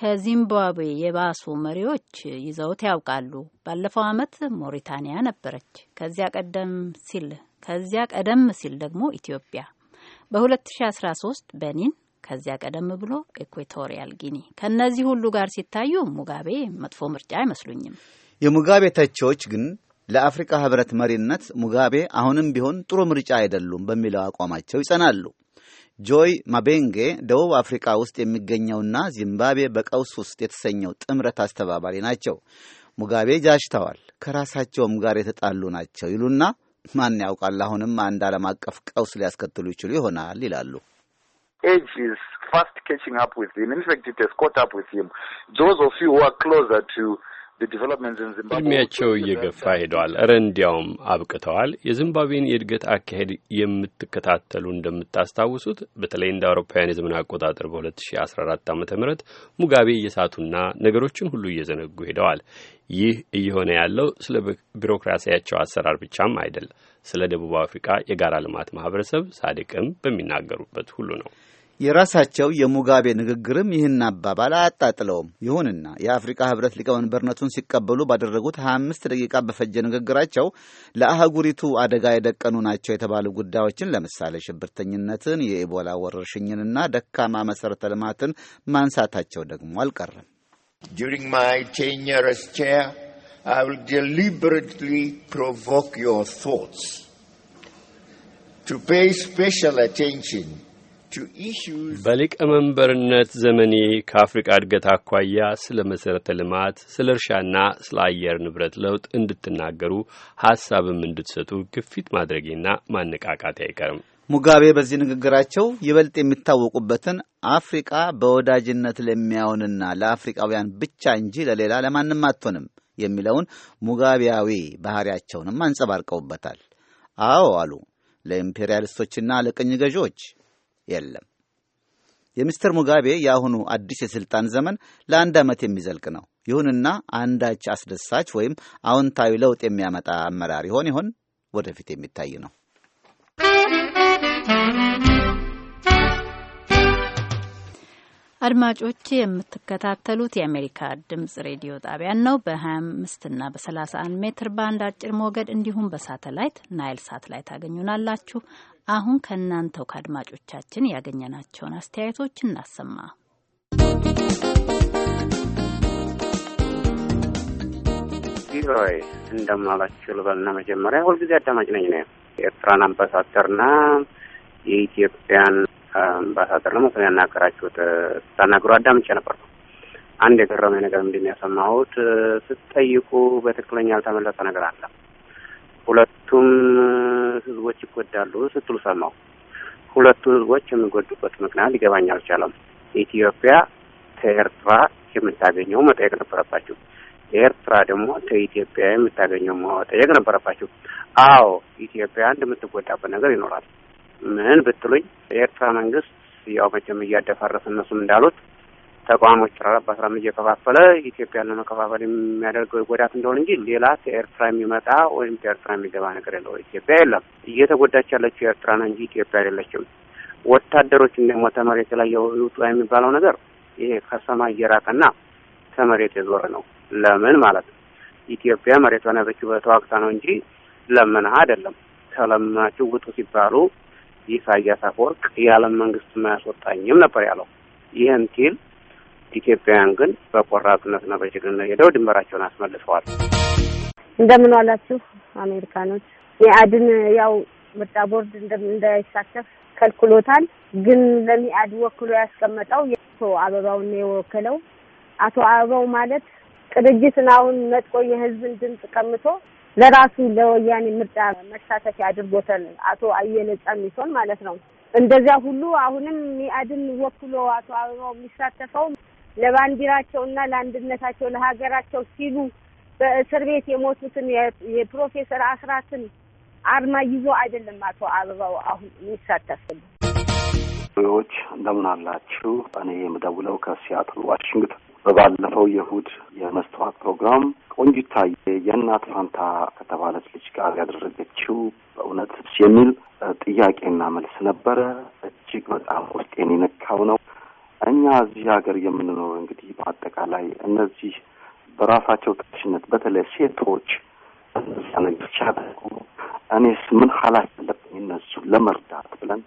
ከዚምባብዌ የባሱ መሪዎች ይዘውት ያውቃሉ። ባለፈው ዓመት ሞሪታንያ ነበረች። ከዚያ ቀደም ሲል ከዚያ ቀደም ሲል ደግሞ ኢትዮጵያ በ2013 በኒን ከዚያ ቀደም ብሎ ኢኳቶሪያል ጊኒ። ከእነዚህ ሁሉ ጋር ሲታዩ ሙጋቤ መጥፎ ምርጫ አይመስሉኝም። የሙጋቤ ተቺዎች ግን ለአፍሪካ ህብረት መሪነት ሙጋቤ አሁንም ቢሆን ጥሩ ምርጫ አይደሉም በሚለው አቋማቸው ይጸናሉ። ጆይ ማቤንጌ ደቡብ አፍሪካ ውስጥ የሚገኘውና ዚምባብዌ በቀውስ ውስጥ የተሰኘው ጥምረት አስተባባሪ ናቸው። ሙጋቤ ጃሽተዋል፣ ከራሳቸውም ጋር የተጣሉ ናቸው ይሉና ማን ያውቃል አሁንም አንድ ዓለም አቀፍ ቀውስ ሊያስከትሉ ይችሉ ይሆናል ይላሉ። age is fast catching up with him. In fact, it has caught up with him. Those of you who are closer to እድሜያቸው እየገፋ ሄደዋል። እረ እንዲያውም አብቅተዋል። የዚምባብዌን የእድገት አካሄድ የምትከታተሉ እንደምታስታውሱት በተለይ እንደ አውሮፓውያን የዘመን አቆጣጠር በ2014 ዓ ም ሙጋቤ እየሳቱና ነገሮችን ሁሉ እየዘነጉ ሄደዋል። ይህ እየሆነ ያለው ስለ ቢሮክራሲያቸው አሰራር ብቻም አይደለም ስለ ደቡብ አፍሪካ የጋራ ልማት ማህበረሰብ ሳድቅም በሚናገሩበት ሁሉ ነው። የራሳቸው የሙጋቤ ንግግርም ይህን አባባል አያጣጥለውም። ይሁንና የአፍሪካ ህብረት ሊቀመንበርነቱን ሲቀበሉ ባደረጉት 25 ደቂቃ በፈጀ ንግግራቸው ለአህጉሪቱ አደጋ የደቀኑ ናቸው የተባሉ ጉዳዮችን ለምሳሌ ሽብርተኝነትን፣ የኢቦላ ወረርሽኝንና ደካማ መሠረተ ልማትን ማንሳታቸው ደግሞ አልቀረም። አቴንሽን በሊቀመንበርነት ዘመኔ ከአፍሪቃ እድገት አኳያ ስለ መሠረተ ልማት፣ ስለ እርሻና ስለ አየር ንብረት ለውጥ እንድትናገሩ ሀሳብም እንድትሰጡ ግፊት ማድረጌና ማነቃቃት አይቀርም። ሙጋቤ በዚህ ንግግራቸው ይበልጥ የሚታወቁበትን አፍሪቃ በወዳጅነት ለሚያውንና ለአፍሪቃውያን ብቻ እንጂ ለሌላ ለማንም አትሆንም የሚለውን ሙጋቢያዊ ባህሪያቸውንም አንጸባርቀውበታል። አዎ አሉ ለኢምፔሪያሊስቶችና ለቅኝ ገዢዎች የለም። የሚስተር ሙጋቤ የአሁኑ አዲስ የሥልጣን ዘመን ለአንድ ዓመት የሚዘልቅ ነው። ይሁንና አንዳች አስደሳች ወይም አዎንታዊ ለውጥ የሚያመጣ አመራር ይሆን ይሆን? ወደፊት የሚታይ ነው። አድማጮች የምትከታተሉት የአሜሪካ ድምጽ ሬዲዮ ጣቢያን ነው። በ25 እና በ31 ሜትር ባንድ አጭር ሞገድ እንዲሁም በሳተላይት ናይል ሳት ላይ ታገኙናላችሁ። አሁን ከእናንተው ከአድማጮቻችን ያገኘናቸውን አስተያየቶች እናሰማ። ቪኦኤ እንደምናላችሁ ልበልና መጀመሪያ ሁልጊዜ አዳማጭ ነኝ ነው የኤርትራን አምባሳደርና የኢትዮጵያን አምባሳደር ነው መሰለኝ ያናገራችሁት ስታናግሩ አዳምጬ ነበር። አንድ የገረመኝ ነገር ምንድን ነው ያሰማሁት፣ ስትጠይቁ በትክክለኛ ያልተመለሰ ነገር አለ። ሁለቱም ህዝቦች ይጎዳሉ ስትሉ ሰማሁ። ሁለቱ ህዝቦች የሚጎዱበት ምክንያት ሊገባኝ አልቻለም። ኢትዮጵያ ከኤርትራ የምታገኘው መጠየቅ ነበረባችሁ። ኤርትራ ደግሞ ከኢትዮጵያ የምታገኘው መጠየቅ ነበረባችሁ። አዎ ኢትዮጵያ እንደምትጎዳበት ነገር ይኖራል። ምን ብትሉኝ የኤርትራ መንግስት ያው መቼም እያደፋረስ እነሱም እንዳሉት ተቋሞች በአስራ አምስት እየከፋፈለ ኢትዮጵያን ለመከፋፈል የሚያደርገው ጎዳት እንደሆነ እንጂ ሌላ ከኤርትራ የሚመጣ ወይም ከኤርትራ የሚገባ ነገር የለው። ኢትዮጵያ የለም እየተጎዳች ያለችው ኤርትራ ነው እንጂ ኢትዮጵያ አይደለችም። ወታደሮችን ደግሞ ተመሬት ላይ የውጡ የሚባለው ነገር ይሄ ከሰማይ እየራቀና ተመሬት የዞረ ነው። ለምን ማለት ነው ኢትዮጵያ መሬቷን ያዘችው በተዋግታ ነው እንጂ ለምን አይደለም። ከለመናችሁ ውጡ ሲባሉ ኢሳያስ አፈወርቅ የዓለም መንግስት ማያስወጣኝም ነበር ያለው። ይህን ሲል ኢትዮጵያውያን ግን በቆራጥነትና በጀግንነት ሄደው ድንበራቸውን አስመልሰዋል። እንደምን ዋላችሁ አሜሪካኖች። ሚአድን ያው ምርጫ ቦርድ እንዳይሳተፍ ከልክሎታል። ግን ለሚአድ ወክሎ ያስቀመጠው የአቶ አበባውን የወከለው አቶ አበባው ማለት ቅንጅትን አሁን መጥቆ የህዝብን ድምፅ ቀምቶ ለራሱ ለወያኔ ምርጫ መሳተፊያ አድርጎታል። አቶ አየለ ጫሚሶን ማለት ነው። እንደዚያ ሁሉ አሁንም ሚአድን ወክሎ አቶ አበባው የሚሳተፈው ለባንዲራቸው እና ለአንድነታቸው ለሀገራቸው ሲሉ በእስር ቤት የሞቱትን የፕሮፌሰር አስራትን አርማ ይዞ አይደለም አቶ አበባው አሁን የሚሳተፍ። ዎች እንደምን አላችሁ? እኔ የምደውለው ከሲያትል ዋሽንግተን። በባለፈው የእሁድ የመስተዋት ፕሮግራም ቆንጅታዬ የእናት ፋንታ ከተባለች ልጅ ጋር ያደረገችው በእውነት የሚል ጥያቄና መልስ ነበረ። እጅግ በጣም ውስጤን የነካው ነው። እኛ እዚህ ሀገር የምንኖረው እንግዲህ በአጠቃላይ እነዚህ በራሳቸው ተሽነት በተለይ ሴቶች እነዚያ ነገር ሲያደርጉ እኔስ ምን ኃላፊ አለብኝ እነሱ ለመርዳት ብለን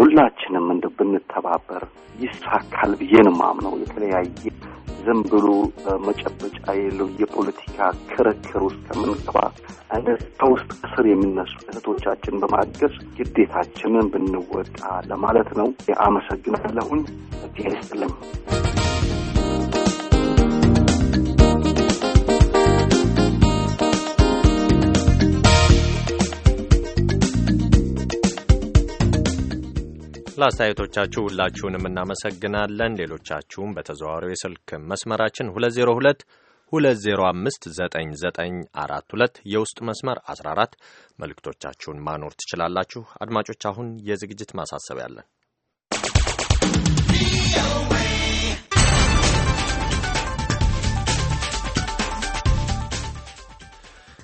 ሁላችንም እንደ ብንተባበር ይሳካል ብዬ ነው የማምነው። የተለያየ ዝም ብሎ መጨበጫ የለው የፖለቲካ ክርክር ውስጥ ከምንገባ እነዛ ከውስጥ እስር የሚነሱ እህቶቻችን በማገዝ ግዴታችንን ብንወጣ ለማለት ነው። አመሰግናለሁኝ። ጤና ይስጥልኝ። ለአስተያየቶቻችሁ ሁላችሁንም እናመሰግናለን። ሌሎቻችሁም በተዘዋዋሪው የስልክ መስመራችን 202 205 9942 የውስጥ መስመር 14 መልእክቶቻችሁን ማኖር ትችላላችሁ። አድማጮች፣ አሁን የዝግጅት ማሳሰብ አለን።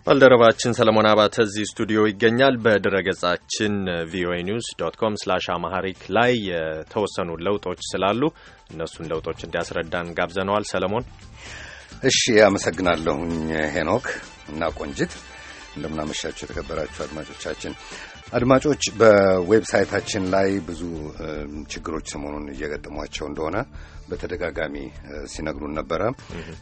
ባልደረባችን ሰለሞን አባተ እዚህ ስቱዲዮ ይገኛል። በድረገጻችን ቪኦኤ ኒውስ ዶት ኮም ስላሽ አማሃሪክ ላይ የተወሰኑ ለውጦች ስላሉ እነሱን ለውጦች እንዲያስረዳን ጋብዘነዋል። ሰለሞን፣ እሺ አመሰግናለሁኝ ሄኖክ እና ቆንጅት እንደምናመሻችሁ የተከበራችሁ አድማጮቻችን አድማጮች በዌብሳይታችን ላይ ብዙ ችግሮች ሰሞኑን እየገጠሟቸው እንደሆነ በተደጋጋሚ ሲነግሩን ነበረ።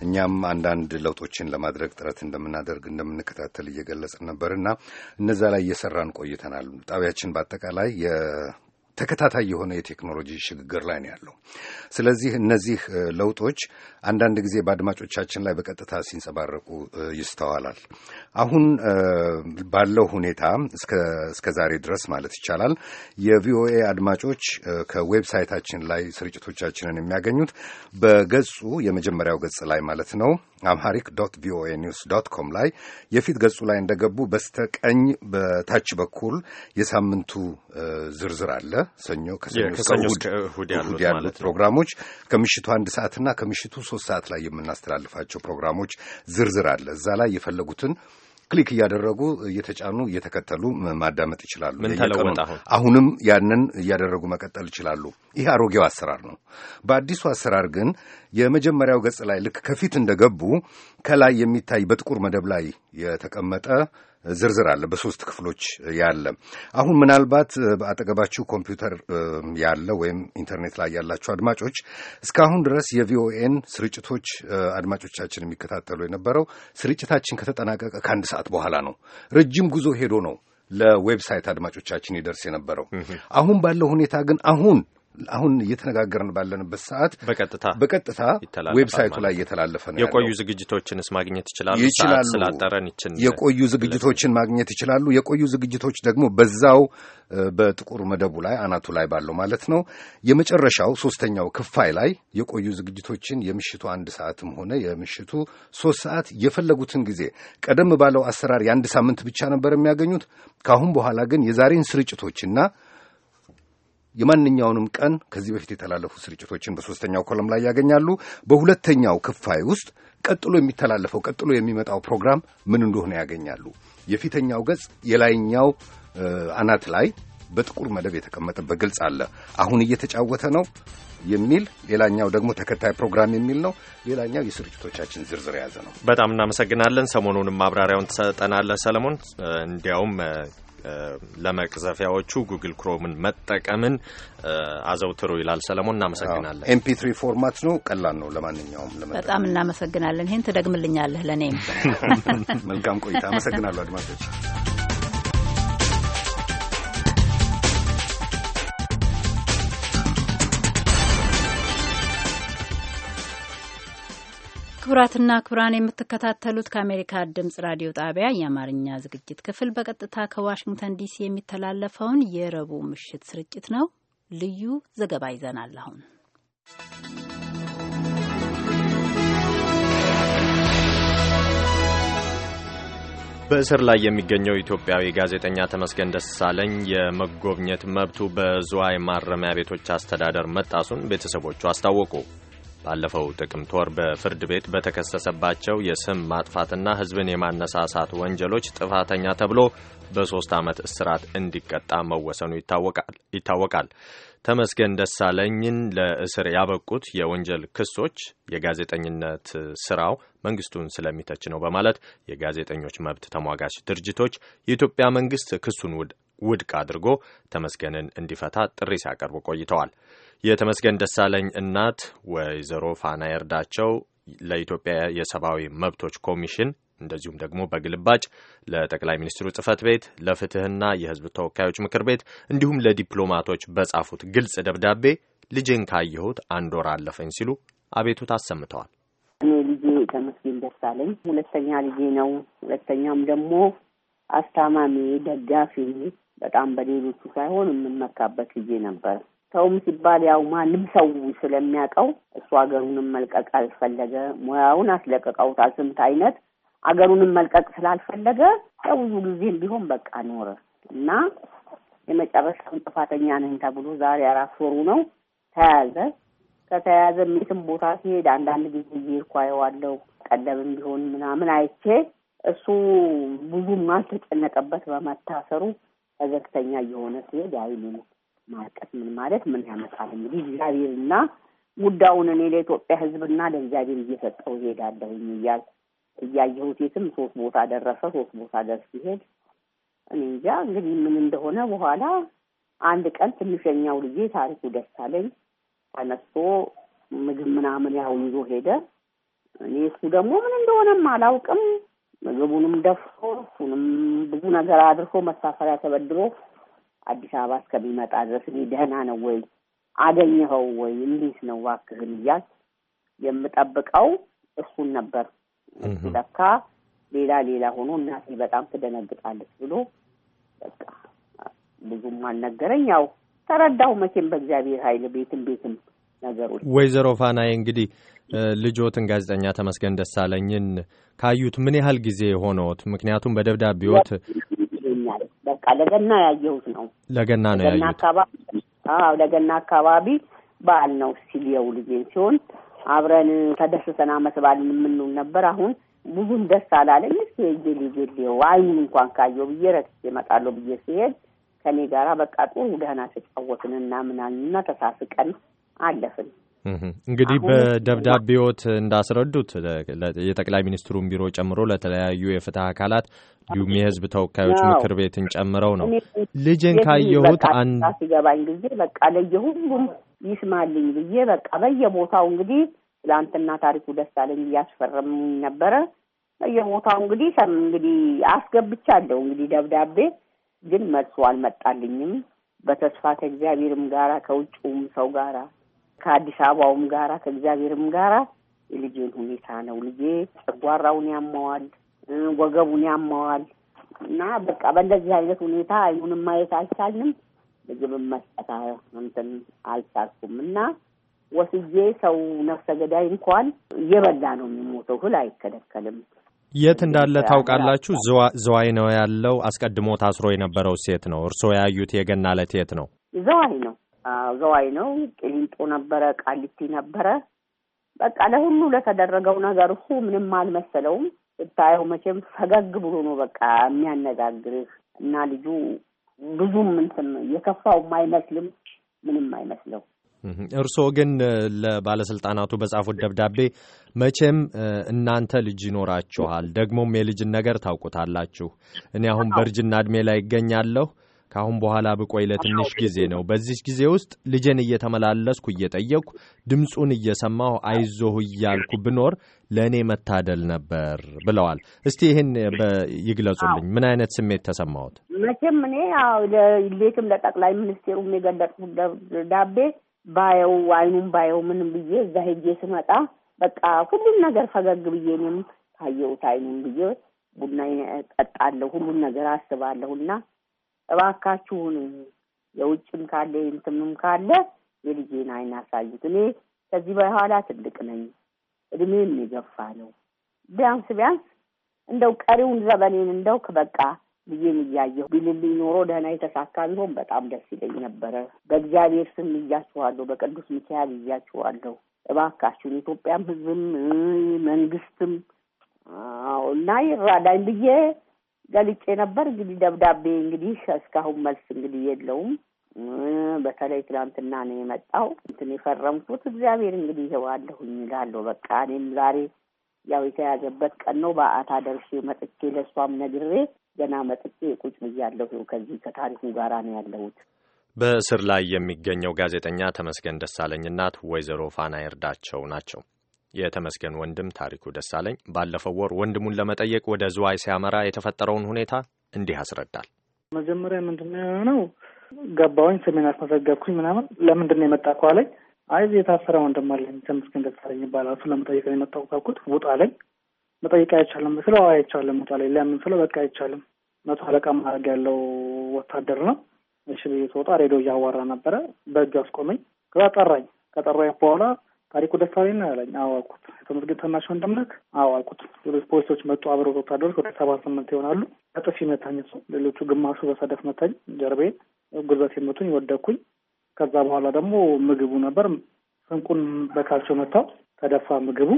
እኛም አንዳንድ ለውጦችን ለማድረግ ጥረት እንደምናደርግ እንደምንከታተል እየገለጽን ነበርና እነዛ ላይ እየሰራን ቆይተናል። ጣቢያችን በአጠቃላይ ተከታታይ የሆነ የቴክኖሎጂ ሽግግር ላይ ነው ያለው። ስለዚህ እነዚህ ለውጦች አንዳንድ ጊዜ በአድማጮቻችን ላይ በቀጥታ ሲንጸባረቁ ይስተዋላል። አሁን ባለው ሁኔታ እስከ ዛሬ ድረስ ማለት ይቻላል የቪኦኤ አድማጮች ከዌብሳይታችን ላይ ስርጭቶቻችንን የሚያገኙት በገጹ የመጀመሪያው ገጽ ላይ ማለት ነው አምሃሪክ ዶት ቪኦኤ ኒውስ ዶት ኮም ላይ የፊት ገጹ ላይ እንደገቡ በስተቀኝ በታች በኩል የሳምንቱ ዝርዝር አለ። ሰኞ ከሰኞ እሁድ ያሉት ፕሮግራሞች ከምሽቱ አንድ ሰዓትና ከምሽቱ ሶስት ሰዓት ላይ የምናስተላልፋቸው ፕሮግራሞች ዝርዝር አለ። እዛ ላይ የፈለጉትን ክሊክ እያደረጉ እየተጫኑ እየተከተሉ ማዳመጥ ይችላሉ። አሁንም ያንን እያደረጉ መቀጠል ይችላሉ። ይህ አሮጌው አሰራር ነው። በአዲሱ አሰራር ግን የመጀመሪያው ገጽ ላይ ልክ ከፊት እንደገቡ ከላይ የሚታይ በጥቁር መደብ ላይ የተቀመጠ ዝርዝር አለ በሶስት ክፍሎች ያለ። አሁን ምናልባት በአጠገባችሁ ኮምፒውተር ያለ ወይም ኢንተርኔት ላይ ያላችሁ አድማጮች እስካሁን ድረስ የቪኦኤን ስርጭቶች አድማጮቻችን የሚከታተሉ የነበረው ስርጭታችን ከተጠናቀቀ ከአንድ ሰዓት በኋላ ነው። ረጅም ጉዞ ሄዶ ነው ለዌብሳይት አድማጮቻችን ይደርስ የነበረው። አሁን ባለው ሁኔታ ግን አሁን አሁን እየተነጋገርን ባለንበት ሰዓት በቀጥታ በቀጥታ ዌብሳይቱ ላይ እየተላለፈ ነው። የቆዩ ዝግጅቶችንስ ማግኘት ይችላሉ? ይችላሉ። ስላጠረን የቆዩ ዝግጅቶችን ማግኘት ይችላሉ። የቆዩ ዝግጅቶች ደግሞ በዛው በጥቁር መደቡ ላይ አናቱ ላይ ባለው ማለት ነው የመጨረሻው ሶስተኛው ክፋይ ላይ የቆዩ ዝግጅቶችን የምሽቱ አንድ ሰዓትም ሆነ የምሽቱ ሶስት ሰዓት የፈለጉትን ጊዜ ቀደም ባለው አሰራር የአንድ ሳምንት ብቻ ነበር የሚያገኙት። ከአሁን በኋላ ግን የዛሬን ስርጭቶችና የማንኛውንም ቀን ከዚህ በፊት የተላለፉ ስርጭቶችን በሶስተኛው ኮለም ላይ ያገኛሉ። በሁለተኛው ክፋይ ውስጥ ቀጥሎ የሚተላለፈው ቀጥሎ የሚመጣው ፕሮግራም ምን እንደሆነ ያገኛሉ። የፊተኛው ገጽ የላይኛው አናት ላይ በጥቁር መደብ የተቀመጠ በግልጽ አለ። አሁን እየተጫወተ ነው የሚል ሌላኛው ደግሞ ተከታይ ፕሮግራም የሚል ነው። ሌላኛው የስርጭቶቻችን ዝርዝር የያዘ ነው። በጣም እናመሰግናለን። ሰሞኑንም ማብራሪያውን ትሰጠናለህ ሰለሞን። እንዲያውም ለመቅዘፊያዎቹ ጉግል ክሮምን መጠቀምን አዘውትሩ ይላል። ሰለሞን እናመሰግናለን። ኤምፒትሪ ፎርማት ነው፣ ቀላል ነው። ለማንኛውም በጣም እናመሰግናለን። ይህን ትደግምልኛለህ ለእኔም መልካም ቆይታ። አመሰግናለሁ አድማጮች። ክቡራትና ክቡራን የምትከታተሉት ከአሜሪካ ድምጽ ራዲዮ ጣቢያ የአማርኛ ዝግጅት ክፍል በቀጥታ ከዋሽንግተን ዲሲ የሚተላለፈውን የረቡዕ ምሽት ስርጭት ነው። ልዩ ዘገባ ይዘናል። አሁን በእስር ላይ የሚገኘው ኢትዮጵያዊ ጋዜጠኛ ተመስገን ደሳለኝ የመጎብኘት መብቱ በዝዋይ ማረሚያ ቤቶች አስተዳደር መጣሱን ቤተሰቦቹ አስታወቁ። ባለፈው ጥቅምት ወር በፍርድ ቤት በተከሰሰባቸው የስም ማጥፋትና ሕዝብን የማነሳሳት ወንጀሎች ጥፋተኛ ተብሎ በሶስት ዓመት እስራት እንዲቀጣ መወሰኑ ይታወቃል። ተመስገን ደሳለኝን ለእስር ያበቁት የወንጀል ክሶች የጋዜጠኝነት ስራው መንግስቱን ስለሚተች ነው በማለት የጋዜጠኞች መብት ተሟጋች ድርጅቶች የኢትዮጵያ መንግስት ክሱን ውድቅ አድርጎ ተመስገንን እንዲፈታ ጥሪ ሲያቀርቡ ቆይተዋል። የተመስገን ደሳለኝ እናት ወይዘሮ ፋና የርዳቸው ለኢትዮጵያ የሰብአዊ መብቶች ኮሚሽን እንደዚሁም ደግሞ በግልባጭ ለጠቅላይ ሚኒስትሩ ጽህፈት ቤት ለፍትህና የህዝብ ተወካዮች ምክር ቤት እንዲሁም ለዲፕሎማቶች በጻፉት ግልጽ ደብዳቤ ልጄን ካየሁት አንድ ወር አለፈኝ ሲሉ አቤቱት አሰምተዋል። እኔ ልጄ ተመስገን ደሳለኝ ሁለተኛ ልጄ ነው። ሁለተኛም ደግሞ አስታማሚ ደጋፊ፣ በጣም በሌሎቹ ሳይሆን የምመካበት ልጄ ነበር። ሰውም ሲባል ያው ማንም ሰው ስለሚያውቀው እሱ ሀገሩንም መልቀቅ አልፈለገ። ሙያውን አስለቀቀውታል ስንት አይነት አገሩንም መልቀቅ ስላልፈለገ ለብዙ ጊዜም ቢሆን በቃ ኖረ እና የመጨረሻውን ጥፋተኛ ነኝ ተብሎ ዛሬ አራት ወሩ ነው ተያዘ። ከተያዘ የትም ቦታ ሲሄድ አንዳንድ ጊዜ እየሄድኩ አየዋለሁ። ቀለብም ቢሆን ምናምን አይቼ እሱ ብዙም አልተጨነቀበት በመታሰሩ ፈገግተኛ እየሆነ ሲሄድ አይሉ ነው ማቀት ምን ማለት ምን ያመጣል? እንግዲህ እግዚአብሔርና ጉዳዩን እኔ ለኢትዮጵያ ሕዝብና ለእግዚአብሔር እየሰጠው ይሄዳለሁ እያል እያየሁት የትም ሶስት ቦታ ደረሰ። ሶስት ቦታ ደርስ ሲሄድ እኔ እንጃ እንግዲህ ምን እንደሆነ በኋላ አንድ ቀን ትንሸኛው ልጄ ታሪኩ ደሳለኝ ተነስቶ ምግብ ምናምን ያው ይዞ ሄደ። እኔ እሱ ደግሞ ምን እንደሆነም አላውቅም። ምግቡንም ደፍሮ እሱንም ብዙ ነገር አድርሶ መሳፈሪያ ተበድሮ አዲስ አበባ እስከሚመጣ ድረስ እኔ ደህና ነው ወይ አገኘኸው ወይ እንዴት ነው እባክህን እያል የምጠብቀው እሱን ነበር። ለካ ሌላ ሌላ ሆኖ እናቴ በጣም ትደነግጣለች ብሎ በቃ ብዙም አልነገረኝ። ያው ተረዳሁ መቼም በእግዚአብሔር ኃይል ቤትም ቤትም ነገሮች ወይዘሮ ፋናዬ እንግዲህ ልጆትን ጋዜጠኛ ተመስገን ደሳለኝን ካዩት ምን ያህል ጊዜ ሆኖት? ምክንያቱም በደብዳቤዎት ይለኛል። በቃ ለገና ያየሁት ነው። ለገና ነው ያየሁት አካባቢ አዎ፣ ለገና አካባቢ በዓል ነው ሲል የው ልጄን ሲሆን አብረን ተደስተን አመት በዓልን የምንውል ነበር። አሁን ብዙም ደስ አላለኝ። ስ ጌ ልጄ አይኑን እንኳን ካየው ብዬ ረክቼ እመጣለሁ ብዬ ሲሄድ ከኔ ጋራ በቃ ጥሩ ደህና ተጫወትን እና ምናምን እና ተሳስቀን አለፍን። እንግዲህ በደብዳቤዎት እንዳስረዱት የጠቅላይ ሚኒስትሩን ቢሮ ጨምሮ ለተለያዩ የፍትህ አካላት እንዲሁም የህዝብ ተወካዮች ምክር ቤትን ጨምረው ነው። ልጅን ካየሁት አንድ ሲገባኝ ጊዜ በቃ ለየሁሉም ይስማልኝ ብዬ በቃ በየቦታው እንግዲህ ትላንትና ታሪኩ አለኝ እያስፈረም ነበረ። በየቦታው እንግዲህ ሰም እንግዲህ አስገብቻለሁ እንግዲህ ደብዳቤ ግን መልሶ አልመጣልኝም። በተስፋ ከእግዚአብሔርም ጋራ ከውጭውም ሰው ጋራ ከአዲስ አበባውም ጋራ ከእግዚአብሔርም ጋራ የልጄን ሁኔታ ነው። ልጄ ጨጓራውን ያማዋል፣ ወገቡን ያማዋል እና በቃ በእንደዚህ አይነት ሁኔታ አይኑንም ማየት አልቻልንም። ምግብም መስጠት እንትን አልቻልኩም እና ወስጄ ሰው ነፍሰ ገዳይ እንኳን እየበላ ነው የሚሞተው። እህል አይከለከልም። የት እንዳለ ታውቃላችሁ? ዝዋይ ነው ያለው። አስቀድሞ ታስሮ የነበረው ሴት ነው። እርስዎ ያዩት የገና ዕለት የት ነው? ዝዋይ ነው። ዘዋይ ነው፣ ቅሊንጦ ነበረ፣ ቃሊቲ ነበረ። በቃ ለሁሉ ለተደረገው ነገር እሱ ምንም አልመሰለውም። ስታየው መቼም ፈገግ ብሎ ነው በቃ የሚያነጋግርህ እና ልጁ ብዙም እንትን የከፋው አይመስልም፣ ምንም አይመስለው። እርስዎ ግን ለባለስልጣናቱ በጻፉት ደብዳቤ መቼም እናንተ ልጅ ይኖራችኋል፣ ደግሞም የልጅን ነገር ታውቁታላችሁ። እኔ አሁን በእርጅና እድሜ ላይ ይገኛለሁ ከአሁን በኋላ ብቆይ ለትንሽ ጊዜ ነው። በዚህ ጊዜ ውስጥ ልጄን እየተመላለስኩ እየጠየቅኩ ድምፁን እየሰማሁ አይዞህ እያልኩ ብኖር ለእኔ መታደል ነበር ብለዋል። እስቲ ይህን ይግለጹልኝ። ምን አይነት ስሜት ተሰማዎት? መቼም እኔ ሌትም ለጠቅላይ ሚኒስቴሩም የገለጽኩት ደብዳቤ ባየው አይኑም ባየው ምንም ብዬ እዛ ሄጄ ስመጣ በቃ ሁሉም ነገር ፈገግ ብዬ እኔም ታየሁት አይኑም ብዬ ቡና ጠጣለሁ፣ ሁሉም ነገር አስባለሁና እባካችሁን የውጭም ካለ የእንትምም ካለ የልጄን አይን አሳዩት። እኔ ከዚህ በኋላ ትልቅ ነኝ፣ እድሜም የገፋ ነው። ቢያንስ ቢያንስ እንደው ቀሪውን ዘመኔን እንደው ክበቃ ልጄን እያየሁ ቢልልኝ ኖሮ ደህና የተሳካ ቢሆን በጣም ደስ ይለኝ ነበረ። በእግዚአብሔር ስም እያችኋለሁ፣ በቅዱስ ሚካኤል እያችኋለሁ። እባካችሁን የኢትዮጵያም ህዝብም መንግስትም እና ይራዳኝ ብዬ ገልጬ ነበር። እንግዲህ ደብዳቤ እንግዲህ እስካሁን መልስ እንግዲህ የለውም። በተለይ ትናንትና ነው የመጣው እንትን የፈረምኩት እግዚአብሔር እንግዲህ ይሄዋለሁኝ ይላለሁ። በቃ እኔም ዛሬ ያው የተያዘበት ቀን ነው። በአታ ደርሼ መጥቼ ለእሷም ነግሬ ገና መጥቼ ቁጭ ብያለሁ። ከዚህ ከታሪኩ ጋራ ነው ያለሁት። በእስር ላይ የሚገኘው ጋዜጠኛ ተመስገን ደሳለኝ እናት ወይዘሮ ፋና ይርዳቸው ናቸው። የተመስገን ወንድም ታሪኩ ደሳለኝ ባለፈው ወር ወንድሙን ለመጠየቅ ወደ ዝዋይ ሲያመራ የተፈጠረውን ሁኔታ እንዲህ ያስረዳል። መጀመሪያ ምንድን ነው የሆነው? ገባሁኝ፣ ስሜን አስመዘገብኩኝ ምናምን። ለምንድን ነው የመጣ ከኋላ ላይ አይ የታሰረ ወንድም አለኝ ተመስገን ደሳለኝ ይባላል፣ እሱ ለመጠየቅ ነው የመጣው ካልኩት፣ ውጣ አለኝ። መጠየቅ አይቻልም ስለው አይቻልም፣ ውጣ አለኝ። ለምን ስለው በቃ አይቻልም፣ መቶ አለቃ ማድረግ ያለው ወታደር ነው። እሺ ብዬ ስወጣ ሬዲዮ እያዋራ ነበረ፣ በእጁ አስቆመኝ። ከዛ ጠራኝ። ከጠራኝ በኋላ ታሪኩ ደሳለኝ ነው ያለኝ። አዎ አልኩት። የተመስገን ወንድምነት አዎ አልኩት። ሌሎች ፖሊሶች መጡ፣ አብረው ወታደሮች ወደ ሰባት ስምንት ይሆናሉ። በጥፊ መታኝ እሱ። ሌሎቹ ግማሹ በሰደፍ መታኝ፣ ጀርቤ ጉልበት የመቱኝ፣ ወደኩኝ። ከዛ በኋላ ደግሞ ምግቡ ነበር፣ ስንቁን በካልቸው መታው፣ ተደፋ ምግቡ።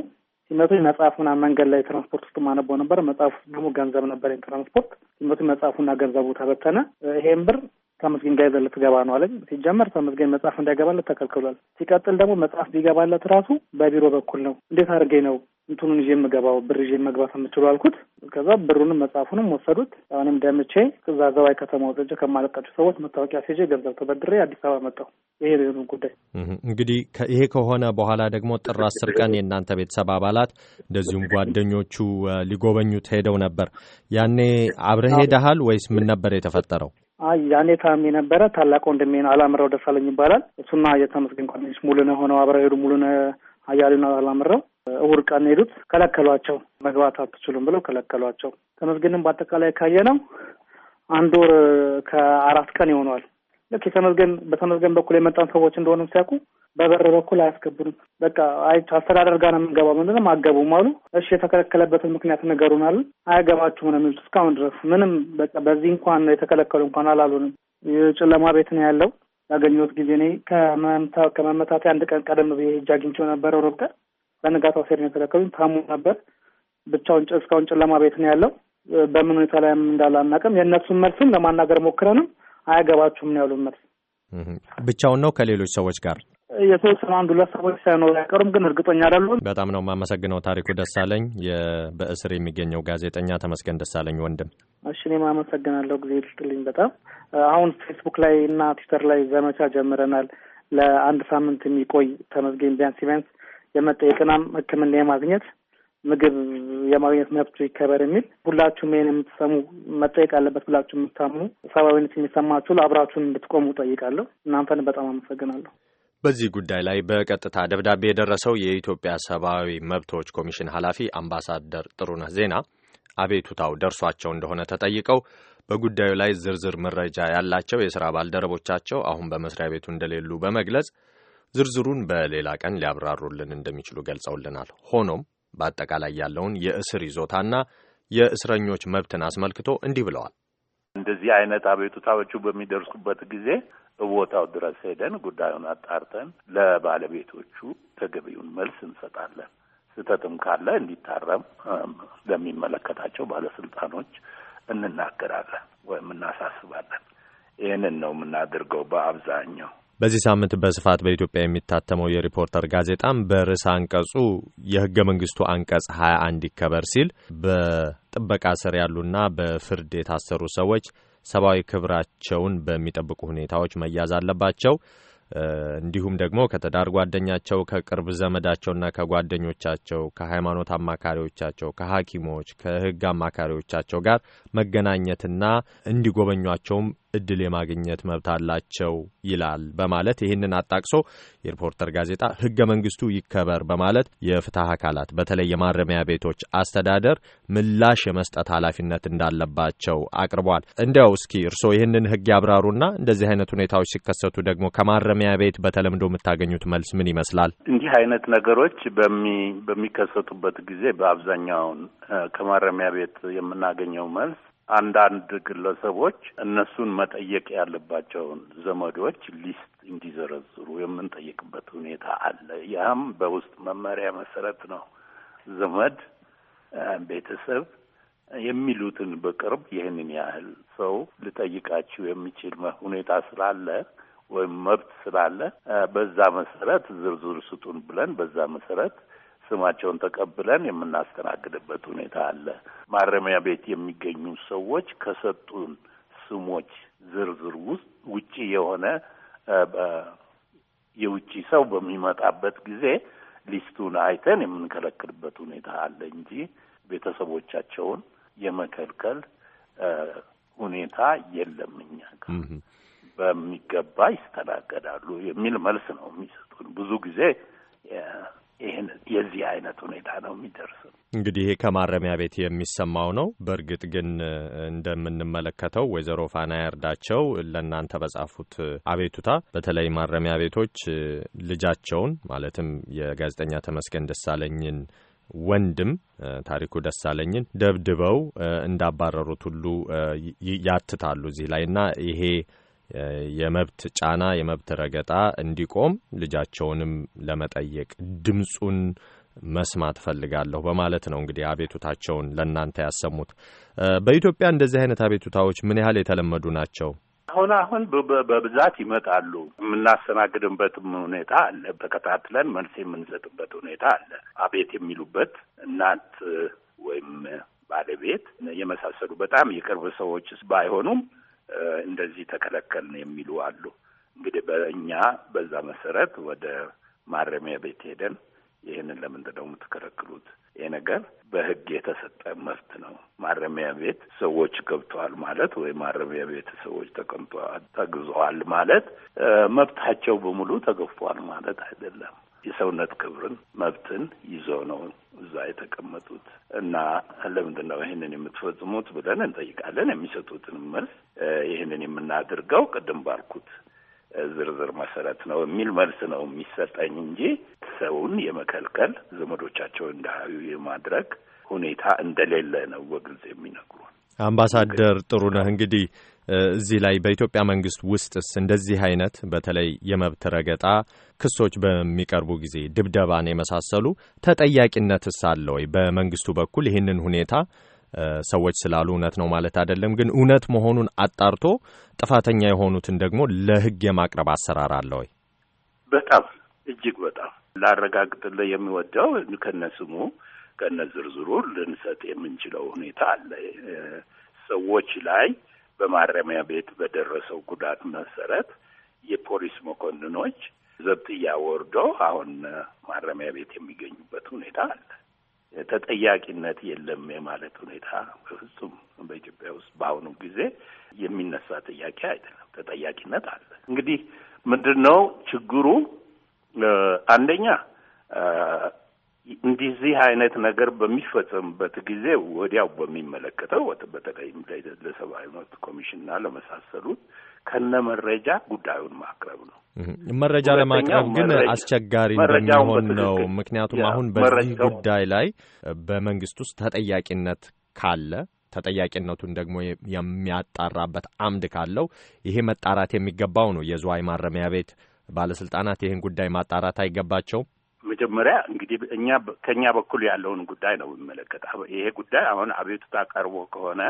ሲመቱኝ መጽሐፉን መንገድ ላይ ትራንስፖርት ውስጥ ማነበው ነበር። ውስጥ ደግሞ ገንዘብ ነበር ትራንስፖርት ሲመቱኝ መጽሐፉና ገንዘቡ ተበተነ። ይሄን ብር ተመስገን ጋይዘ ልትገባ ነው አለኝ። ሲጀመር ተመስገን መጽሐፍ እንዳይገባለት ተከልክሏል። ሲቀጥል ደግሞ መጽሐፍ ቢገባለት ራሱ በቢሮ በኩል ነው። እንዴት አድርጌ ነው እንትኑን ይዤ የምገባው ብር ይዤ መግባት የምችሉ አልኩት። ከዛ ብሩንም መጽሐፉንም ወሰዱት። አሁንም ደምቼ እዛ ዘዋይ ከተማ ወጥቼ ከማለቃቸው ሰዎች መታወቂያ ሲዤ ገንዘብ ተበድሬ አዲስ አበባ መጣሁ። ይሄ ነው ጉዳይ። እንግዲህ ይሄ ከሆነ በኋላ ደግሞ ጥር አስር ቀን የእናንተ ቤተሰብ አባላት እንደዚሁም ጓደኞቹ ሊጎበኙት ሄደው ነበር። ያኔ አብረህ ሄደሃል ወይስ ምን ነበር የተፈጠረው? አይ ያኔ ታሜ ነበረ። ታላቅ ወንድሜ አላምረው ደሳለኝ ይባላል። እሱና የተመስገን ጓደኞች ሙሉነ ሆነው አብረው ሄዱ። ሙሉነ አያሌና አላምረው እሑድ ቀን ሄዱት ከለከሏቸው። መግባት አትችሉም ብለው ከለከሏቸው። ተመስገንም በአጠቃላይ ካየ ነው አንድ ወር ከአራት ቀን ይሆኗል። ልክ የተመዝገን በተመዝገን በኩል የመጣን ሰዎች እንደሆነም ሲያውቁ በበር በኩል አያስገቡንም። በቃ አይ አስተዳደር ጋር ነው የምንገባው ምንድነው አገቡም አሉ። እሺ የተከለከለበትን ምክንያት ንገሩን አሉ። አያገባችሁም ነው የሚሉት እስካሁን ድረስ ምንም በቃ በዚህ እንኳን የተከለከሉ እንኳን አላሉንም። የጨለማ ቤት ነው ያለው ያገኘሁት ጊዜ እኔ ከመመታ አንድ ቀን ቀደም ብዬ ሄጄ አግኝቼው ነበረ ሮብ ቀን በንጋታው ሴድ ነው የከለከሉኝ። ታሙ ነበር ብቻውን እስካሁን ጨለማ ቤት ነው ያለው። በምን ሁኔታ ላይ እንዳለ አናውቅም። የእነሱን መልስም ለማናገር ሞክረንም አያገባችሁም ነው ያሉን መልስ። ብቻውን ነው ከሌሎች ሰዎች ጋር የተወሰኑ አንድ ሁለት ሰዎች ሳይኖሩ አይቀሩም፣ ግን እርግጠኛ አይደሉም። በጣም ነው የማመሰግነው። ታሪኩ ደሳለኝ በእስር የሚገኘው ጋዜጠኛ ተመስገን ደሳለኝ ወንድም። እሺ እኔም አመሰግናለሁ። ጊዜ ይስጥልኝ በጣም አሁን ፌስቡክ ላይ እና ትዊተር ላይ ዘመቻ ጀምረናል። ለአንድ ሳምንት የሚቆይ ተመስገን ቢያንስ ቢያንስ የመጣ የጤናም ሕክምና የማግኘት ምግብ የማግኘት መብቱ ይከበር የሚል ሁላችሁም ይህን የምትሰሙ መጠየቅ አለበት ብላችሁ የምታምኑ ሰብአዊነት የሚሰማችሁ አብራችሁን እንድትቆሙ ጠይቃለሁ። እናንተን በጣም አመሰግናለሁ። በዚህ ጉዳይ ላይ በቀጥታ ደብዳቤ የደረሰው የኢትዮጵያ ሰብአዊ መብቶች ኮሚሽን ኃላፊ አምባሳደር ጥሩነህ ዜና አቤቱታው ደርሷቸው እንደሆነ ተጠይቀው በጉዳዩ ላይ ዝርዝር መረጃ ያላቸው የስራ ባልደረቦቻቸው አሁን በመስሪያ ቤቱ እንደሌሉ በመግለጽ ዝርዝሩን በሌላ ቀን ሊያብራሩልን እንደሚችሉ ገልጸውልናል። ሆኖም በአጠቃላይ ያለውን የእስር ይዞታና የእስረኞች መብትን አስመልክቶ እንዲህ ብለዋል። እንደዚህ አይነት አቤቱታዎቹ በሚደርሱበት ጊዜ ቦታው ድረስ ሄደን ጉዳዩን አጣርተን ለባለቤቶቹ ተገቢውን መልስ እንሰጣለን። ስህተትም ካለ እንዲታረም ለሚመለከታቸው ባለስልጣኖች እንናገራለን ወይም እናሳስባለን። ይህንን ነው የምናደርገው በአብዛኛው። በዚህ ሳምንት በስፋት በኢትዮጵያ የሚታተመው የሪፖርተር ጋዜጣም በርዕሰ አንቀጹ የህገ መንግስቱ አንቀጽ 21 ይከበር ሲል በጥበቃ ስር ያሉና በፍርድ የታሰሩ ሰዎች ሰብአዊ ክብራቸውን በሚጠብቁ ሁኔታዎች መያዝ አለባቸው፣ እንዲሁም ደግሞ ከተዳር ጓደኛቸው፣ ከቅርብ ዘመዳቸውና ከጓደኞቻቸው፣ ከሃይማኖት አማካሪዎቻቸው፣ ከሐኪሞች፣ ከህግ አማካሪዎቻቸው ጋር መገናኘትና እንዲጎበኟቸውም እድል የማግኘት መብት አላቸው ይላል በማለት ይህንን አጣቅሶ የሪፖርተር ጋዜጣ ህገ መንግስቱ ይከበር በማለት የፍትህ አካላት በተለይ የማረሚያ ቤቶች አስተዳደር ምላሽ የመስጠት ኃላፊነት እንዳለባቸው አቅርቧል። እንዲያው እስኪ እርስዎ ይህንን ህግ ያብራሩና እንደዚህ አይነት ሁኔታዎች ሲከሰቱ ደግሞ ከማረሚያ ቤት በተለምዶ የምታገኙት መልስ ምን ይመስላል? እንዲህ አይነት ነገሮች በሚከሰቱበት ጊዜ በአብዛኛውን ከማረሚያ ቤት የምናገኘው መልስ አንዳንድ ግለሰቦች እነሱን መጠየቅ ያለባቸውን ዘመዶች ሊስት እንዲዘረዝሩ የምንጠይቅበት ሁኔታ አለ። ያም በውስጥ መመሪያ መሰረት ነው። ዘመድ፣ ቤተሰብ የሚሉትን በቅርብ ይህንን ያህል ሰው ልጠይቃችሁ የሚችል ሁኔታ ስላለ ወይም መብት ስላለ በዛ መሰረት ዝርዝር ስጡን ብለን በዛ መሰረት ስማቸውን ተቀብለን የምናስተናግድበት ሁኔታ አለ። ማረሚያ ቤት የሚገኙ ሰዎች ከሰጡን ስሞች ዝርዝር ውስጥ ውጪ የሆነ የውጪ ሰው በሚመጣበት ጊዜ ሊስቱን አይተን የምንከለክልበት ሁኔታ አለ እንጂ ቤተሰቦቻቸውን የመከልከል ሁኔታ የለም። እኛ ጋር በሚገባ ይስተናገዳሉ የሚል መልስ ነው የሚሰጡን ብዙ ጊዜ ይህን የዚህ አይነት ሁኔታ ነው የሚደርስ። እንግዲህ ይህ ከማረሚያ ቤት የሚሰማው ነው። በእርግጥ ግን እንደምንመለከተው ወይዘሮ ፋና ያርዳቸው ለእናንተ በጻፉት አቤቱታ በተለይ ማረሚያ ቤቶች ልጃቸውን ማለትም የጋዜጠኛ ተመስገን ደሳለኝን ወንድም ታሪኩ ደሳለኝን ደብድበው እንዳባረሩት ሁሉ ያትታሉ እዚህ ላይ እና ይሄ የመብት ጫና፣ የመብት ረገጣ እንዲቆም ልጃቸውንም ለመጠየቅ ድምፁን መስማት ፈልጋለሁ በማለት ነው እንግዲህ አቤቱታቸውን ለእናንተ ያሰሙት። በኢትዮጵያ እንደዚህ አይነት አቤቱታዎች ምን ያህል የተለመዱ ናቸው? አሁን አሁን በብዛት ይመጣሉ። የምናስተናግድበትም ሁኔታ አለ። ተከታትለን መልስ የምንሰጥበት ሁኔታ አለ። አቤት የሚሉበት እናት ወይም ባለቤት የመሳሰሉ በጣም የቅርብ ሰዎች ባይሆኑም እንደዚህ ተከለከልን የሚሉ አሉ። እንግዲህ በእኛ በዛ መሰረት ወደ ማረሚያ ቤት ሄደን ይህንን ለምንድን ነው የምትከለክሉት? ይህ ነገር በህግ የተሰጠ መብት ነው። ማረሚያ ቤት ሰዎች ገብተዋል ማለት ወይም ማረሚያ ቤት ሰዎች ተቀምጠዋል፣ ተግዘዋል ማለት መብታቸው በሙሉ ተገፏል ማለት አይደለም። የሰውነት ክብርን መብትን ይዞ ነው እዛ የተቀመጡት እና ለምንድን ነው ይህንን የምትፈጽሙት ብለን እንጠይቃለን። የሚሰጡትን መልስ ይህንን የምናድርገው ቅድም ባልኩት ዝርዝር መሰረት ነው የሚል መልስ ነው የሚሰጠኝ እንጂ ሰውን የመከልከል ዘመዶቻቸው እንዳያዩ የማድረግ ሁኔታ እንደሌለ ነው በግልጽ የሚነግሩን። አምባሳደር ነህ እንግዲህ እዚህ ላይ በኢትዮጵያ መንግስት ውስጥስ እንደዚህ አይነት በተለይ የመብት ረገጣ ክሶች በሚቀርቡ ጊዜ ድብደባን የመሳሰሉ ተጠያቂነትስ አለ ወይ? በመንግስቱ በኩል ይህንን ሁኔታ ሰዎች ስላሉ እውነት ነው ማለት አይደለም፣ ግን እውነት መሆኑን አጣርቶ ጥፋተኛ የሆኑትን ደግሞ ለህግ የማቅረብ አሰራር አለ ወይ? በጣም እጅግ በጣም ላረጋግጥልህ የሚወደው ከነስሙ ከነ ዝርዝሩ ልንሰጥ የምንችለው ሁኔታ አለ ሰዎች ላይ በማረሚያ ቤት በደረሰው ጉዳት መሰረት የፖሊስ መኮንኖች ዘብጥያ ወርዶ አሁን ማረሚያ ቤት የሚገኙበት ሁኔታ አለ። ተጠያቂነት የለም የማለት ሁኔታ በፍጹም በኢትዮጵያ ውስጥ በአሁኑ ጊዜ የሚነሳ ጥያቄ አይደለም። ተጠያቂነት አለ። እንግዲህ ምንድን ነው ችግሩ? አንደኛ እንዲዚህ አይነት ነገር በሚፈጸምበት ጊዜ ወዲያው በሚመለከተው በተለይም ለሰብአዊ መብት ኮሚሽንና ለመሳሰሉት ከነ መረጃ ጉዳዩን ማቅረብ ነው። መረጃ ለማቅረብ ግን አስቸጋሪ እንደሚሆን ነው። ምክንያቱም አሁን በዚህ ጉዳይ ላይ በመንግስት ውስጥ ተጠያቂነት ካለ ተጠያቂነቱን ደግሞ የሚያጣራበት አምድ ካለው ይሄ መጣራት የሚገባው ነው። የዝዋይ ማረሚያ ቤት ባለስልጣናት ይህን ጉዳይ ማጣራት አይገባቸውም? መጀመሪያ እንግዲህ እኛ ከእኛ በኩል ያለውን ጉዳይ ነው የሚመለከት። ይሄ ጉዳይ አሁን አቤቱታ ቀርቦ ከሆነ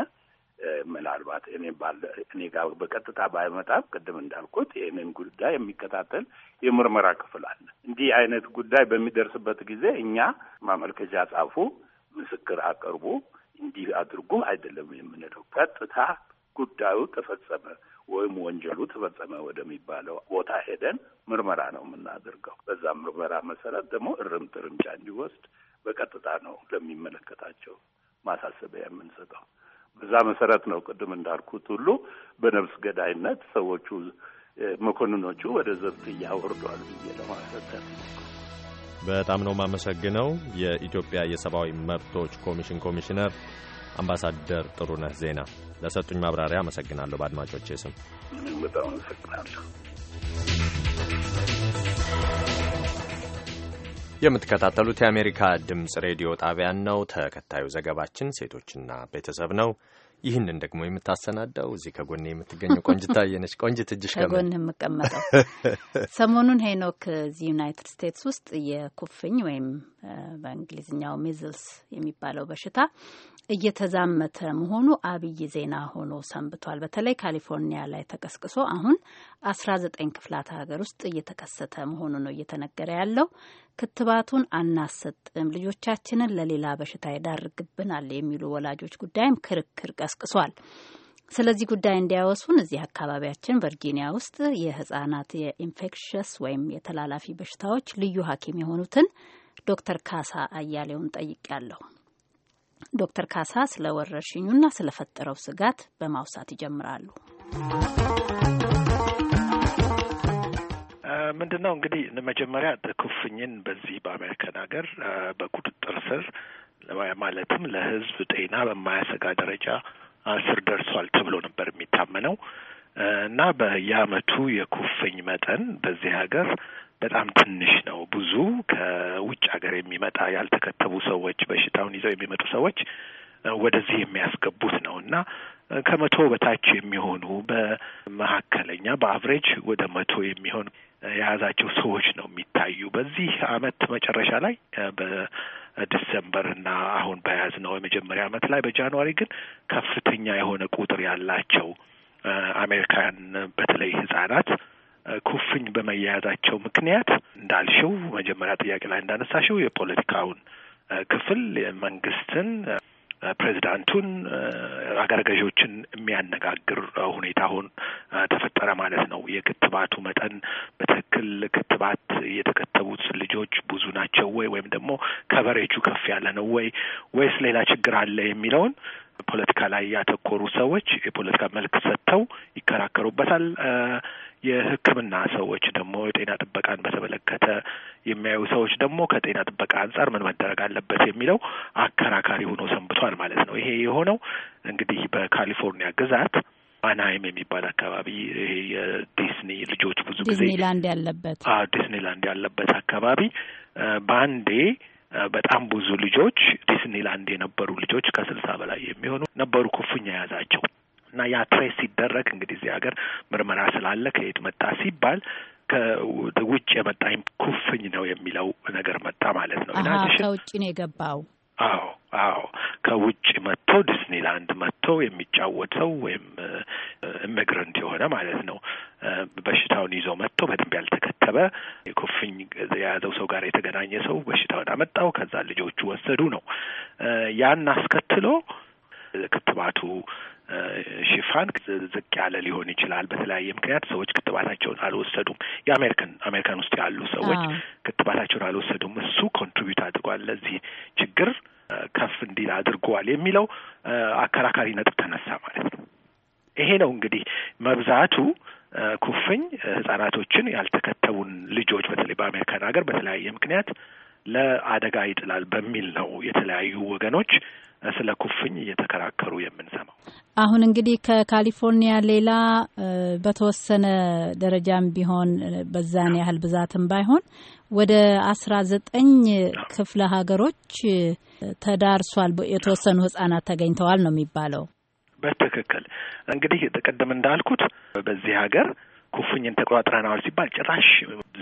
ምናልባት እኔ ባለ እኔ ጋር በቀጥታ ባይመጣም ቅድም እንዳልኩት ይህንን ጉዳይ የሚከታተል የምርመራ ክፍል አለ። እንዲህ አይነት ጉዳይ በሚደርስበት ጊዜ እኛ ማመልከቻ ጻፉ፣ ምስክር አቅርቡ፣ እንዲህ አድርጉ አይደለም የምንለው። ቀጥታ ጉዳዩ ተፈጸመ ወይም ወንጀሉ ተፈጸመ ወደሚባለው ቦታ ሄደን ምርመራ ነው የምናደርገው። በዛ ምርመራ መሰረት ደግሞ እርምት እርምጃ እንዲወስድ በቀጥታ ነው ለሚመለከታቸው ማሳሰቢያ የምንሰጠው። በዛ መሰረት ነው ቅድም እንዳልኩት ሁሉ በነፍስ ገዳይነት ሰዎቹ መኮንኖቹ ወደ ዘብት እያወርዷል ብዬ ለማስረዳት በጣም ነው የማመሰግነው። የኢትዮጵያ የሰብአዊ መብቶች ኮሚሽን ኮሚሽነር አምባሳደር ጥሩነህ ዜና ለሰጡኝ ማብራሪያ አመሰግናለሁ። በአድማጮች ስም በጣም አመሰግናለሁ። የምትከታተሉት የአሜሪካ ድምፅ ሬዲዮ ጣቢያን ነው። ተከታዩ ዘገባችን ሴቶችና ቤተሰብ ነው። ይህንን ደግሞ የምታሰናዳው እዚህ ከጎን የምትገኘው ቆንጅታ የነች። ቆንጅት እጅሽ ከጎን የምቀመጠው ሰሞኑን ሄኖክ እዚህ ዩናይትድ ስቴትስ ውስጥ የኩፍኝ ወይም በእንግሊዝኛው ሚዝልስ የሚባለው በሽታ እየተዛመተ መሆኑ አብይ ዜና ሆኖ ሰንብቷል። በተለይ ካሊፎርኒያ ላይ ተቀስቅሶ አሁን አስራ ዘጠኝ ክፍላት ሀገር ውስጥ እየተከሰተ መሆኑ ነው እየተነገረ ያለው። ክትባቱን አናሰጥም፣ ልጆቻችንን ለሌላ በሽታ ይዳርግብናል የሚሉ ወላጆች ጉዳይም ክርክር ቀስቅሷል። ስለዚህ ጉዳይ እንዲያወሱን እዚህ አካባቢያችን ቨርጂኒያ ውስጥ የህጻናት የኢንፌክሽስ ወይም የተላላፊ በሽታዎች ልዩ ሐኪም የሆኑትን ዶክተር ካሳ አያሌውን ጠይቄያለሁ። ዶክተር ካሳ ስለ ወረርሽኙና ስለፈጠረው ስጋት በማውሳት ይጀምራሉ። ምንድን ነው እንግዲህ መጀመሪያ ኩፍኝን በዚህ በአሜሪካን ሀገር በቁጥጥር ስር ማለትም ለህዝብ ጤና በማያሰጋ ደረጃ ስር ደርሷል ተብሎ ነበር የሚታመነው እና በየአመቱ የኩፍኝ መጠን በዚህ ሀገር በጣም ትንሽ ነው። ብዙ ከውጭ ሀገር የሚመጣ ያልተከተቡ ሰዎች በሽታውን ይዘው የሚመጡ ሰዎች ወደዚህ የሚያስገቡት ነው እና ከመቶ በታች የሚሆኑ በመካከለኛ በአቭሬጅ ወደ መቶ የሚሆን የያዛቸው ሰዎች ነው የሚታዩ። በዚህ አመት መጨረሻ ላይ በዲሰምበር እና አሁን በያዝነው የመጀመሪያ አመት ላይ በጃንዋሪ ግን ከፍተኛ የሆነ ቁጥር ያላቸው አሜሪካን በተለይ ህጻናት ኩፍኝ በመያያዛቸው ምክንያት እንዳልሽው መጀመሪያ ጥያቄ ላይ እንዳነሳሽው የፖለቲካውን ክፍል መንግስትን ፕሬዚዳንቱን አገር ገዢዎችን የሚያነጋግር ሁኔታ አሁን ተፈጠረ ማለት ነው። የክትባቱ መጠን በትክክል ክትባት የተከተቡት ልጆች ብዙ ናቸው ወይ ወይም ደግሞ ከቨሬጁ ከፍ ያለ ነው ወይ ወይስ ሌላ ችግር አለ የሚለውን ፖለቲካ ላይ ያተኮሩ ሰዎች የፖለቲካ መልክ ሰጥተው ይከራከሩበታል። የሕክምና ሰዎች ደግሞ የጤና ጥበቃን በተመለከተ የሚያዩ ሰዎች ደግሞ ከጤና ጥበቃ አንጻር ምን መደረግ አለበት የሚለው አከራካሪ ሆኖ ሰንብቷል ማለት ነው። ይሄ የሆነው እንግዲህ በካሊፎርኒያ ግዛት አናይም የሚባል አካባቢ ይሄ የዲስኒ ልጆች ብዙ ጊዜ ዲስኒላንድ ያለበት ዲስኒላንድ ያለበት አካባቢ በአንዴ በጣም ብዙ ልጆች ዲስኒላንድ የነበሩ ልጆች ከስልሳ በላይ የሚሆኑ ነበሩ ኩፍኝ የያዛቸው እና ያ ትሬስ ሲደረግ እንግዲህ እዚህ ሀገር ምርመራ ስላለ ከየት መጣ ሲባል ከውጭ የመጣኝ ኩፍኝ ነው የሚለው ነገር መጣ ማለት ነው። ከውጭ ነው የገባው አዎ አዎ ከውጭ መጥቶ ዲስኒላንድ መጥቶ የሚጫወት ሰው ወይም ኢሚግረንት የሆነ ማለት ነው በሽታውን ይዞ መጥቶ በደንብ ያልተከተበ ኩፍኝ የያዘው ሰው ጋር የተገናኘ ሰው በሽታውን አመጣው። ከዛ ልጆቹ ወሰዱ ነው ያን አስከትሎ ክትባቱ ሽፋን ዝቅ ያለ ሊሆን ይችላል። በተለያየ ምክንያት ሰዎች ክትባታቸውን አልወሰዱም። የአሜሪካን አሜሪካን ውስጥ ያሉ ሰዎች ክትባታቸውን አልወሰዱም። እሱ ኮንትሪቢዩት አድርጓል ለዚህ ችግር ከፍ እንዲል አድርጓል የሚለው አከራካሪ ነጥብ ተነሳ ማለት ነው። ይሄ ነው እንግዲህ መብዛቱ ኩፍኝ ህጻናቶችን ያልተከተቡን ልጆች በተለይ በአሜሪካን ሀገር በተለያየ ምክንያት ለአደጋ ይጥላል በሚል ነው የተለያዩ ወገኖች ስለ ኩፍኝ እየተከራከሩ የምንሰማው። አሁን እንግዲህ ከካሊፎርኒያ ሌላ በተወሰነ ደረጃም ቢሆን በዛን ያህል ብዛትም ባይሆን ወደ አስራ ዘጠኝ ክፍለ ሀገሮች ተዳርሷል። የተወሰኑ ህጻናት ተገኝተዋል ነው የሚባለው። በትክክል እንግዲህ ጥቅድም እንዳልኩት በዚህ ሀገር ኩፍኝን ተቆጣጥረናል ሲባል ጭራሽ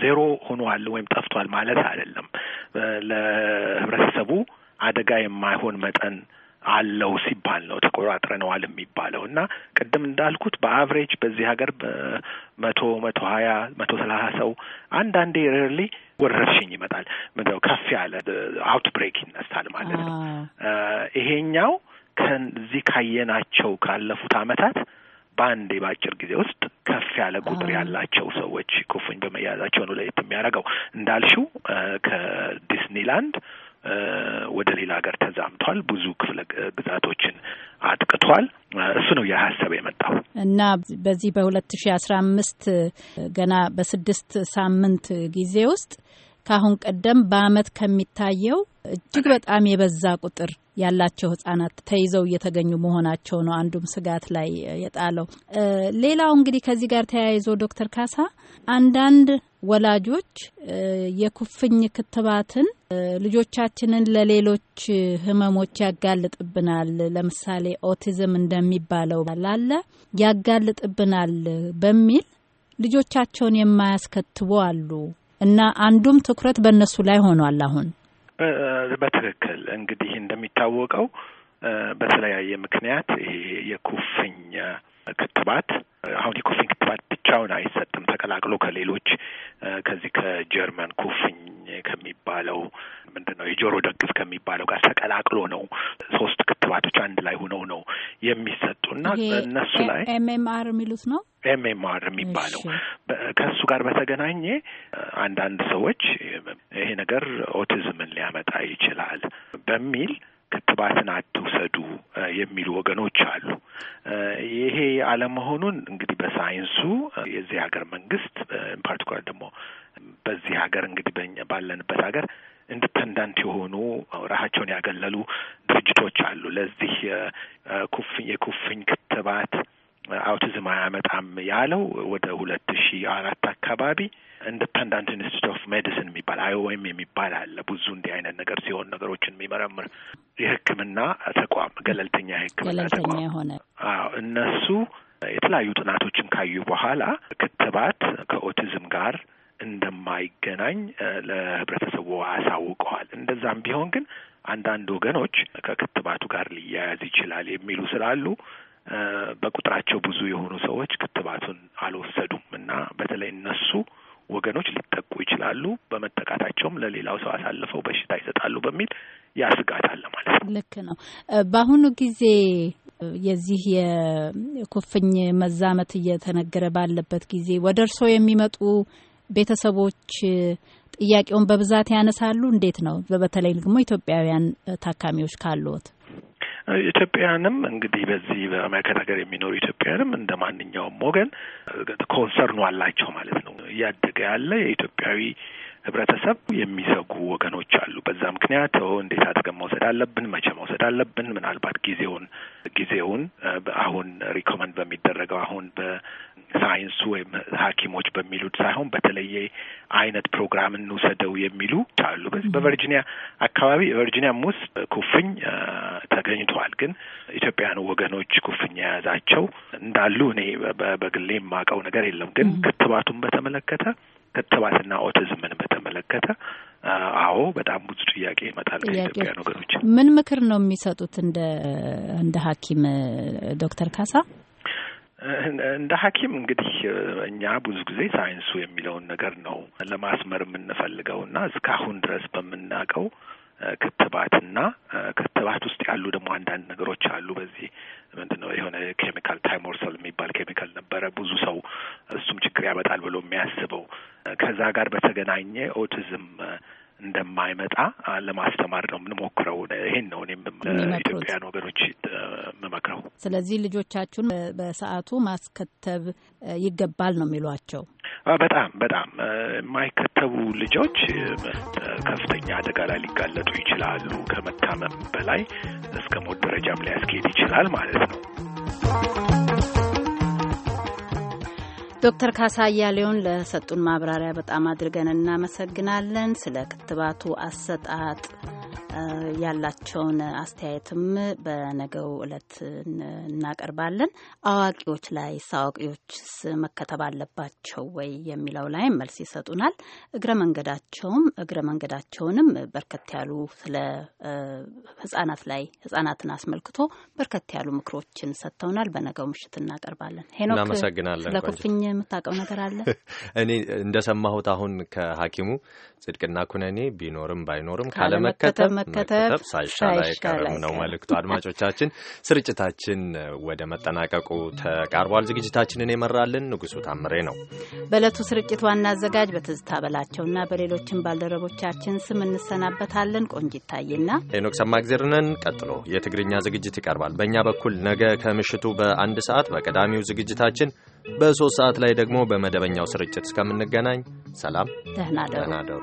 ዜሮ ሆኗል ወይም ጠፍቷል ማለት አይደለም። ለህብረተሰቡ አደጋ የማይሆን መጠን አለው ሲባል ነው ተቆራጥረነዋል የሚባለው እና ቅድም እንዳልኩት በአቨሬጅ በዚህ ሀገር በመቶ መቶ ሀያ መቶ ሰላሳ ሰው አንዳንዴ ሬርሊ ወረርሽኝ ይመጣል ምንድነው ከፍ ያለ አውትብሬክ ይነሳል ማለት ነው። ይሄኛው ከዚህ ካየናቸው ካለፉት አመታት በአንዴ በአጭር ጊዜ ውስጥ ከፍ ያለ ቁጥር ያላቸው ሰዎች ኩፍኝ በመያዛቸው ነው ለየት የሚያደርገው እንዳልሽው ከዲስኒላንድ ወደ ሌላ ሀገር ተዛምቷል። ብዙ ክፍለ ግዛቶችን አጥቅቷል። እሱ ነው የሀሳብ የመጣው እና በዚህ በሁለት ሺ አስራ አምስት ገና በስድስት ሳምንት ጊዜ ውስጥ ከአሁን ቀደም በአመት ከሚታየው እጅግ በጣም የበዛ ቁጥር ያላቸው ህጻናት ተይዘው እየተገኙ መሆናቸው ነው አንዱም ስጋት ላይ የጣለው። ሌላው እንግዲህ ከዚህ ጋር ተያይዞ ዶክተር ካሳ አንዳንድ ወላጆች የኩፍኝ ክትባትን ልጆቻችንን ለሌሎች ህመሞች ያጋልጥብናል፣ ለምሳሌ ኦቲዝም እንደሚባለው ላለ ያጋልጥብናል በሚል ልጆቻቸውን የማያስከትቡ አሉ እና አንዱም ትኩረት በእነሱ ላይ ሆኗል። አሁን በትክክል እንግዲህ እንደሚታወቀው በተለያየ ምክንያት ይሄ የኩፍኝ ክትባት አሁን የኩፍኝ ክትባት ብቻውን አይሰጥም። ተቀላቅሎ ከሌሎች ከዚህ ከጀርመን ኩፍኝ ከሚባለው ምንድን ነው የጆሮ ደግፍ ከሚባለው ጋር ተቀላቅሎ ነው። ሶስት ክትባቶች አንድ ላይ ሆነው ነው እና እነሱ ላይ ኤምኤምአር የሚሉት ነው ኤምኤምአር የሚባለው ከእሱ ጋር በተገናኘ አንዳንድ ሰዎች ይሄ ነገር ኦቲዝምን ሊያመጣ ይችላል በሚል ክትባትን አትውሰዱ የሚሉ ወገኖች አሉ። ይሄ አለመሆኑን እንግዲህ በሳይንሱ የዚህ ሀገር መንግስት ፓርቲኩላር ደግሞ በዚህ ሀገር እንግዲህ በእኛ ባለንበት ሀገር ኢንዲፐንደንት የሆኑ ራሳቸውን ያገለሉ ድርጅቶች አሉ። ለዚህ ኩፍኝ የኩፍኝ ክትባት አውቲዝም አያመጣም ያለው ወደ ሁለት ሺ አራት አካባቢ ኢንዲፐንደንት ኢንስቲትዩት ኦፍ ሜዲሲን የሚባል አይኦኤም የሚባል አለ። ብዙ እንዲህ አይነት ነገር ሲሆን ነገሮችን የሚመረምር የሕክምና ተቋም ገለልተኛ የሕክምና ተቋም አዎ፣ እነሱ የተለያዩ ጥናቶችን ካዩ በኋላ ክትባት ከኦቲዝም ጋር እንደማይገናኝ ለህብረተሰቡ አሳውቀዋል። እንደዛም ቢሆን ግን አንዳንድ ወገኖች ከክትባቱ ጋር ሊያያዝ ይችላል የሚሉ ስላሉ በቁጥራቸው ብዙ የሆኑ ሰዎች ክትባቱን አልወሰዱም እና በተለይ እነሱ ወገኖች ሊጠቁ ይችላሉ፣ በመጠቃታቸውም ለሌላው ሰው አሳልፈው በሽታ ይሰጣሉ በሚል ያ ስጋት አለ ማለት ነው። ልክ ነው። በአሁኑ ጊዜ የዚህ የኩፍኝ መዛመት እየተነገረ ባለበት ጊዜ ወደ እርስዎ የሚመጡ ቤተሰቦች ጥያቄውን በብዛት ያነሳሉ። እንዴት ነው? በተለይ ደግሞ ኢትዮጵያውያን ታካሚዎች ካሉት ኢትዮጵያንም እንግዲህ በዚህ በአሜሪካ ሀገር የሚኖሩ ኢትዮጵያንም እንደ ማንኛውም ወገን ኮንሰርን አላቸው ማለት ነው። እያደገ ያለ የኢትዮጵያዊ ህብረተሰብ የሚሰጉ ወገኖች አሉ። በዛ ምክንያት እንዴት አድርገን መውሰድ አለብን፣ መቼ መውሰድ አለብን፣ ምናልባት ጊዜውን ጊዜውን አሁን ሪኮመንድ በሚደረገው አሁን በሳይንሱ ወይም ሐኪሞች በሚሉት ሳይሆን በተለየ አይነት ፕሮግራም እንውሰደው የሚሉ አሉ። በዚህ በቨርጂኒያ አካባቢ ቨርጂኒያም ውስጥ ኩፍኝ ተገኝቷል። ግን ኢትዮጵያውያኑ ወገኖች ኩፍኝ የያዛቸው እንዳሉ እኔ በግሌ የማውቀው ነገር የለም። ግን ክትባቱን በተመለከተ ክትባትና ኦቲዝምን በተመለከተ አዎ፣ በጣም ብዙ ጥያቄ ይመጣል ከኢትዮጵያ ወገኖች። ምን ምክር ነው የሚሰጡት እንደ እንደ ሐኪም ዶክተር ካሳ? እንደ ሐኪም እንግዲህ እኛ ብዙ ጊዜ ሳይንሱ የሚለውን ነገር ነው ለማስመር የምንፈልገው እና እስካሁን ድረስ በምናውቀው ክትባትና ክትባት ውስጥ ያሉ ደግሞ አንዳንድ ነገሮች አሉ። በዚህ ምንድን ነው የሆነ ኬሚካል ታይሞርሰል የሚባል ኬሚካል ነበረ። ብዙ ሰው እሱም ችግር ያመጣል ብሎ የሚያስበው ከዛ ጋር በተገናኘ ኦቲዝም እንደማይመጣ ለማስተማር ነው የምንሞክረው። ይሄን ነው እኔም ኢትዮጵያውያን ወገኖች የምመክረው። ስለዚህ ልጆቻችሁን በሰዓቱ ማስከተብ ይገባል ነው የሚሏቸው። በጣም በጣም የማይከ የሚቀርቡ ልጆች ከፍተኛ አደጋ ላይ ሊጋለጡ ይችላሉ። ከመታመም በላይ እስከ ሞት ደረጃም ሊያስኬድ ይችላል ማለት ነው። ዶክተር ካሳ አያሌውን ለሰጡን ማብራሪያ በጣም አድርገን እናመሰግናለን። ስለ ክትባቱ አሰጣጥ ያላቸውን አስተያየትም በነገው እለት እናቀርባለን። አዋቂዎች ላይ አዋቂዎችስ መከተብ አለባቸው ወይ የሚለው ላይ መልስ ይሰጡናል። እግረ መንገዳቸውም እግረ መንገዳቸውንም በርከት ያሉ ስለ ህጻናት ላይ ህጻናትን አስመልክቶ በርከት ያሉ ምክሮችን ሰጥተውናል። በነገው ምሽት እናቀርባለን። ሄኖክ ስለ ኩፍኝ የምታውቀው ነገር አለ? እኔ እንደሰማሁት አሁን ከሐኪሙ ጽድቅና ኩነኔ ቢኖርም ባይኖርም ካለመከተብ መከተብ ሳይሻል ነው መልእክቱ። አድማጮቻችን፣ ስርጭታችን ወደ መጠናቀቁ ተቃርቧል። ዝግጅታችንን የመራልን ንጉሱ ታምሬ ነው። በዕለቱ ስርጭት ዋና አዘጋጅ በትዝታ በላቸውና በሌሎችም ባልደረቦቻችን ስም እንሰናበታለን። ቆንጅ ይታይና ሄኖክ ሰማግዜርነን። ቀጥሎ የትግርኛ ዝግጅት ይቀርባል። በእኛ በኩል ነገ ከምሽቱ በአንድ ሰዓት በቀዳሚው ዝግጅታችን በሶስት ሰዓት ላይ ደግሞ በመደበኛው ስርጭት እስከምንገናኝ ሰላም፣ ደህና ደሩ።